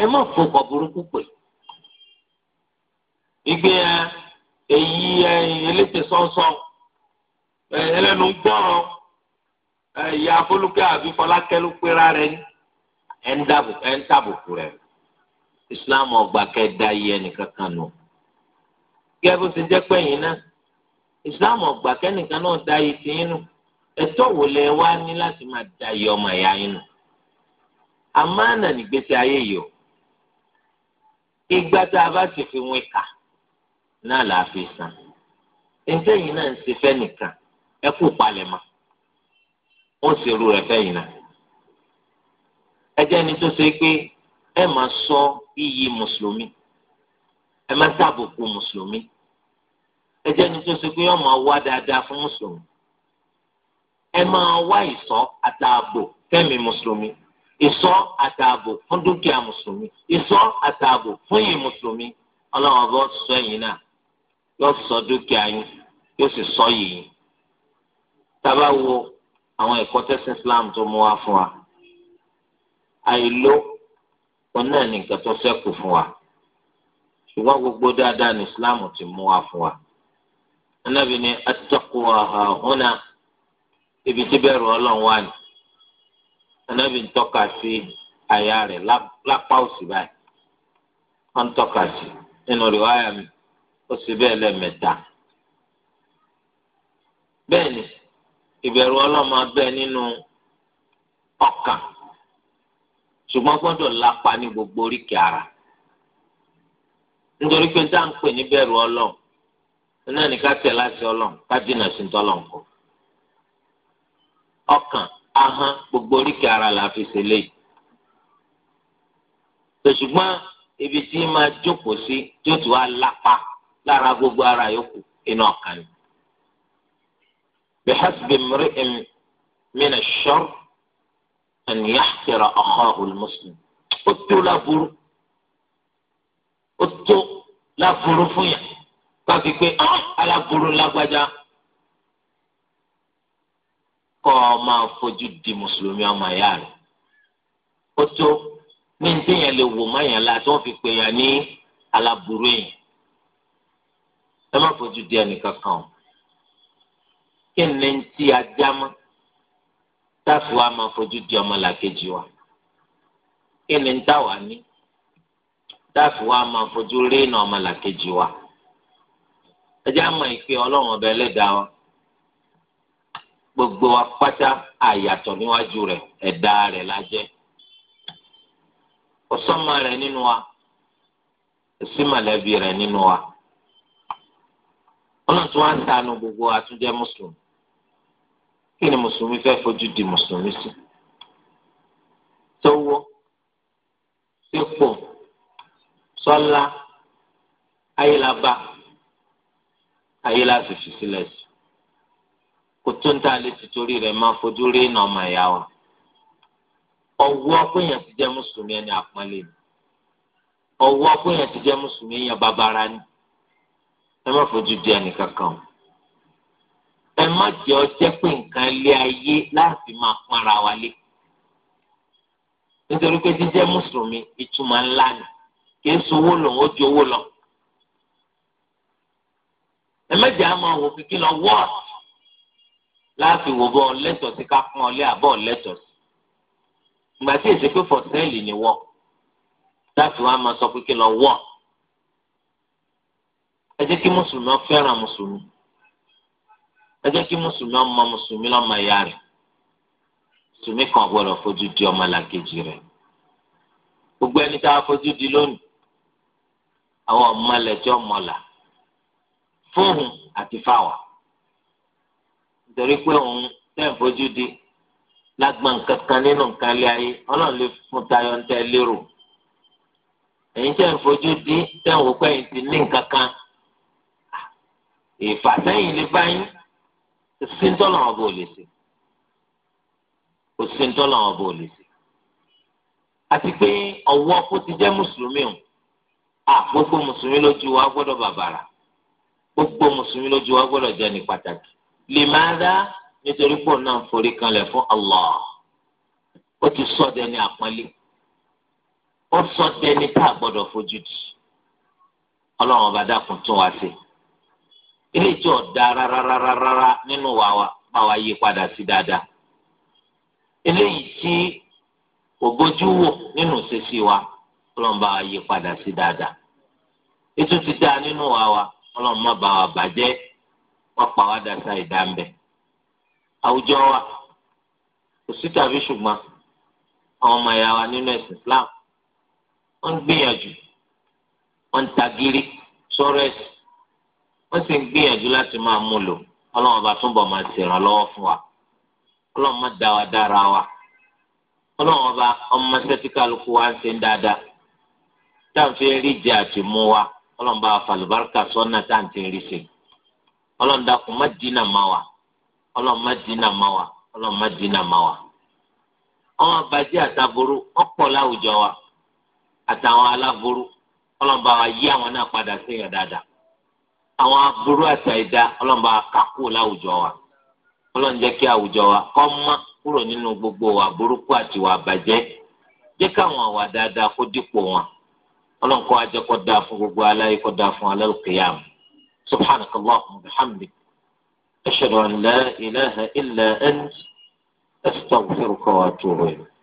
ẹ má fọkọ̀ burúkú pè é igbe yẹn èyí eléte sọ́nsọ́n ẹlẹ́nu gbọ́rọ̀ ìyá afọlùkẹ́ àbí fọlákẹ́ ló pera rẹ̀ ní ẹ̀ ń tàbùkù rẹ̀ islam ọgbà kẹ́ẹ̀dá yẹ nìkan kan nù kí ẹ bó ti jẹ́ pẹ́yìn náà islam ọgbà kẹ́nìkan náà dá yìí ti yín nù ẹ̀tọ́ wo lẹ wá ní láti máa dá yìí ọmọ ẹ̀yà yín nù àmánà nígbésí ayé yìí o ìgbà tá a bá ti fi wọn kà náà là á fi san ẹ̀ńtẹ́yìn náà ń ṣe fẹ́ nìkan ẹ kú palẹ̀ mọ́ ó sì rú rẹ̀ fẹ́yìn náà ẹ jẹ́ ẹni tó ṣe pé ẹ máa sọ iyì mùsùlùmí ẹ máa dáàbòbò mùsùlùmí ẹ jẹ́ ẹni tó ṣe pé ọmọ wá dáadáa fún mùsùlùmí ẹ máa wá ìṣọ́ àtààbò fẹ́mi mùsùlùmí ìṣọ́ àtààbò fún dúkìá mùsùlùmí ìṣọ́ àtààbò fún yìí mùsùlùmí ọlọ́run ọba sọ ẹ̀yìn náà yóò sọ dúkìá yín yóò sì sọ yìí tábà wo àwọn ẹ̀kọ́ tẹ́sán Islam tó mú wá fún wa àìló ọ̀nà ní nǹkan tó ṣẹ́kù fún wa ṣùgbọ́n gbogbo dáadáa ní Islam ti mú wá fún wa anábì ni at-taqwa hahuna ibi tí bẹ̀rù ọlọ́run wà ní anábì ń tọ́ka sí àyà rẹ̀ lápá òsì báyìí wọ́n ń tọ́ka sí nínú rìwáyà mi ó sì bẹ́ẹ̀ lẹ́ẹ̀mẹ́ta bẹ́ẹ̀ ni ìbẹ̀rù ọlọ́mọ bẹ́ẹ̀ nínú ọkàn ṣùgbọ́n gbọ́dọ̀ lápa ní gbogbo oríkèé ara nítorí pé dá ń pè ní bẹ̀rù ọlọ́run náà ní ká tẹ̀ láti ọlọ́run ká dínà sí tọ́lọ́run kọ ọkàn ahọ́n gbogbo oríkèé ara là fi ṣe léyìí tòṣùgbọ́n ibi tí máa jókòó sí tí ó ti wá lápa lára gbogbo ara yòókù inú ọkàn ni. بحسب امرئ من الشر أن يحقر أخاه المسلم أتو لابور أتو لابور فيا káfi pé ah, aláburú lágbájá kọ́ ọ máa fojú di mùsùlùmí ọmọ ìyá rẹ̀ ó tó ní ní téèyàn lè wò má yàn la tí fi pè yàn ní aláburú yẹn ẹ má fojú di ẹnìkan kan o kí ni ń ti ajá mọ́ táàfù wa máa fojú di ọmọ làkejì wa kí ni ń táwa ní táàfù wa máa fojú rí iná ọmọ làkejì wa ẹjẹ́ àmọ́ ìpè ọlọ́run ọbẹ̀ ẹlẹ́dàá wa gbogbo wa pátá àyàtọ̀ níwájú rẹ̀ ẹ̀dá rẹ̀ la jẹ́ ọsọ́mọ rẹ̀ nínú wa èsì mọ̀lẹ́bí rẹ̀ nínú wa ọlọ́run tí wọ́n ń tanu gbogbo àtúnjẹ mùsùlùmí kí ni mùsùlùmí fẹ́ fojú di mùsùlùmí sí sówó sípò sọ́lá ayélabá ayélabá fìfì sílẹ̀ sí kò tó ń tà lè ti torí rẹ̀ máa fojú rí iná ọmọ ìyá wa ọwọ́ péyàn ti jẹ́ mùsùlùmí ẹni àpọ́nlé ni ọwọ́ péyàn ti jẹ́ mùsùlùmí ẹni bàbára ni ẹ má fojú di ẹnìkan kan o ẹ má jẹ ọjẹ pé nǹkan lé ayé láti máa pọnra wa lé nítorí pé jíjẹ mùsùlùmí ìtumọ̀ ńlá ni kì í sowó lòun ó di owó lọ ẹ má jẹ àmọ́ òwò kíkí lọ wọ́ọ̀tì láti wò bọ́ lẹ́tọ̀ọ́ sí ká pọ́n ọlé àbọ̀ lẹ́tọ̀ọ́ sí ìgbà èsì pé fọ̀sẹ́ẹ̀lì ni wọ́ọ̀ láti wá máa sọ pé kí lọ wọ́ọ̀ ẹ jẹ́ kí mùsùlùmí fẹ́ràn mùsùlùmí ẹ jẹ́ kí mùsùlùmí ọmọ mùsùlùmí lọ́mọ ìyá rẹ̀ mùsùlùmí kan gbọ́dọ̀ fojú di ọmọ làkejì rẹ̀ gbogbo ẹni tá a fojú di lónìí àwọn ọmọlẹ́jọ́ mọ̀lá fóun àti fáwa nítorí pé òun tẹ̀ ń fojú di lágbọn nǹkan kan nínú nǹkan ilé ayé ọlọ́run lè fún tayọ ń tẹ́ lérò èyí tẹ̀ ń fojú di tẹ̀ ń wò pé èyí ti ní nǹkan kan ìfàsẹ́yìn lè bá yín kò sí ń tọ́lọ̀ ọ̀bọ ò lè ṣe kò sí ń tọ́lọ̀ ọ̀bọ ò lè ṣe àti pé ọwọ́ kó ti jẹ́ mùsùlùmí o à gbogbo mùsùlùmí lójú wa gbọ́dọ̀ bàbàrà gbogbo mùsùlùmí lójú wa gbọ́dọ̀ jẹ́ ní pàtàkì lè máa dá nítorí pò náà forí kanlẹ̀ fún Allah ó ti sọ dẹni àpọ́nlé ó sọ dẹni tá a gbọ́dọ̀ fojú di ọlọ́run ọba dákun tún wá sí i eléyìí tí ò da rárárárá nínú wa wa bá wa yí padà sí dáadáa eléyìí tí kò bójú wò nínú ṣíṣí wa ọlọ́run bá wa yí padà sí dáadáa ètò ti dáa nínú wa wa ọlọ́run má bá wa bàjẹ́ wọ́n pa wá dasa ìdá ń àwùjọ wa kò sí tàbí ṣùgbọ́n àwọn ọmọ ẹ̀yà wa nínú ẹ̀sìn Islam wọ́n ń gbìyànjú wọ́n ń tagiri sọ̀rọ̀ ẹ̀sìn wọ́n sì ń gbìyànjú láti máa mú lò ọlọ́run bá túbọ̀ máa ṣèrànlọ́wọ́ fún wa ọlọ́run má dá wa dára wa ọlọ́run ọba ọmọ sẹ́tí kálukú wa ń ṣe ń dáadáa táǹfì rí jẹ àti mú wa ọlọ́run bá falùbáríkà sọ́nà táǹtì rí ṣe ọlọ́run dákun má dínà má wa ọlọ́run má dínà má wa ọlọ́run má dínà má wa. àwọn àbàjẹ́ àtàbúrú wọ́n láwùjọ wa àtàwọn aláburú ọlọ́run bá wa yí àwọn náà padà sí ìyàn dáadáa àwọn aburú àti àìdá ọlọ́mọba kakú láwùjọ wa ọlọ́run jẹ́ kí àwùjọ wa kọ́ mọ́ kúrò nínú gbogbo wa burúkú àti wa bàjẹ́ jẹ́ káwọn àwa dáadáa kó dípò wọn ọlọ́run kọ́ ajẹ́ kó dáa fún gbogbo aláyé kó dáa fún al-qiyam subhanakallahumma wa bihamdik ashhadu an la ilaha illa ant astaghfiruka wa atubu ilayk.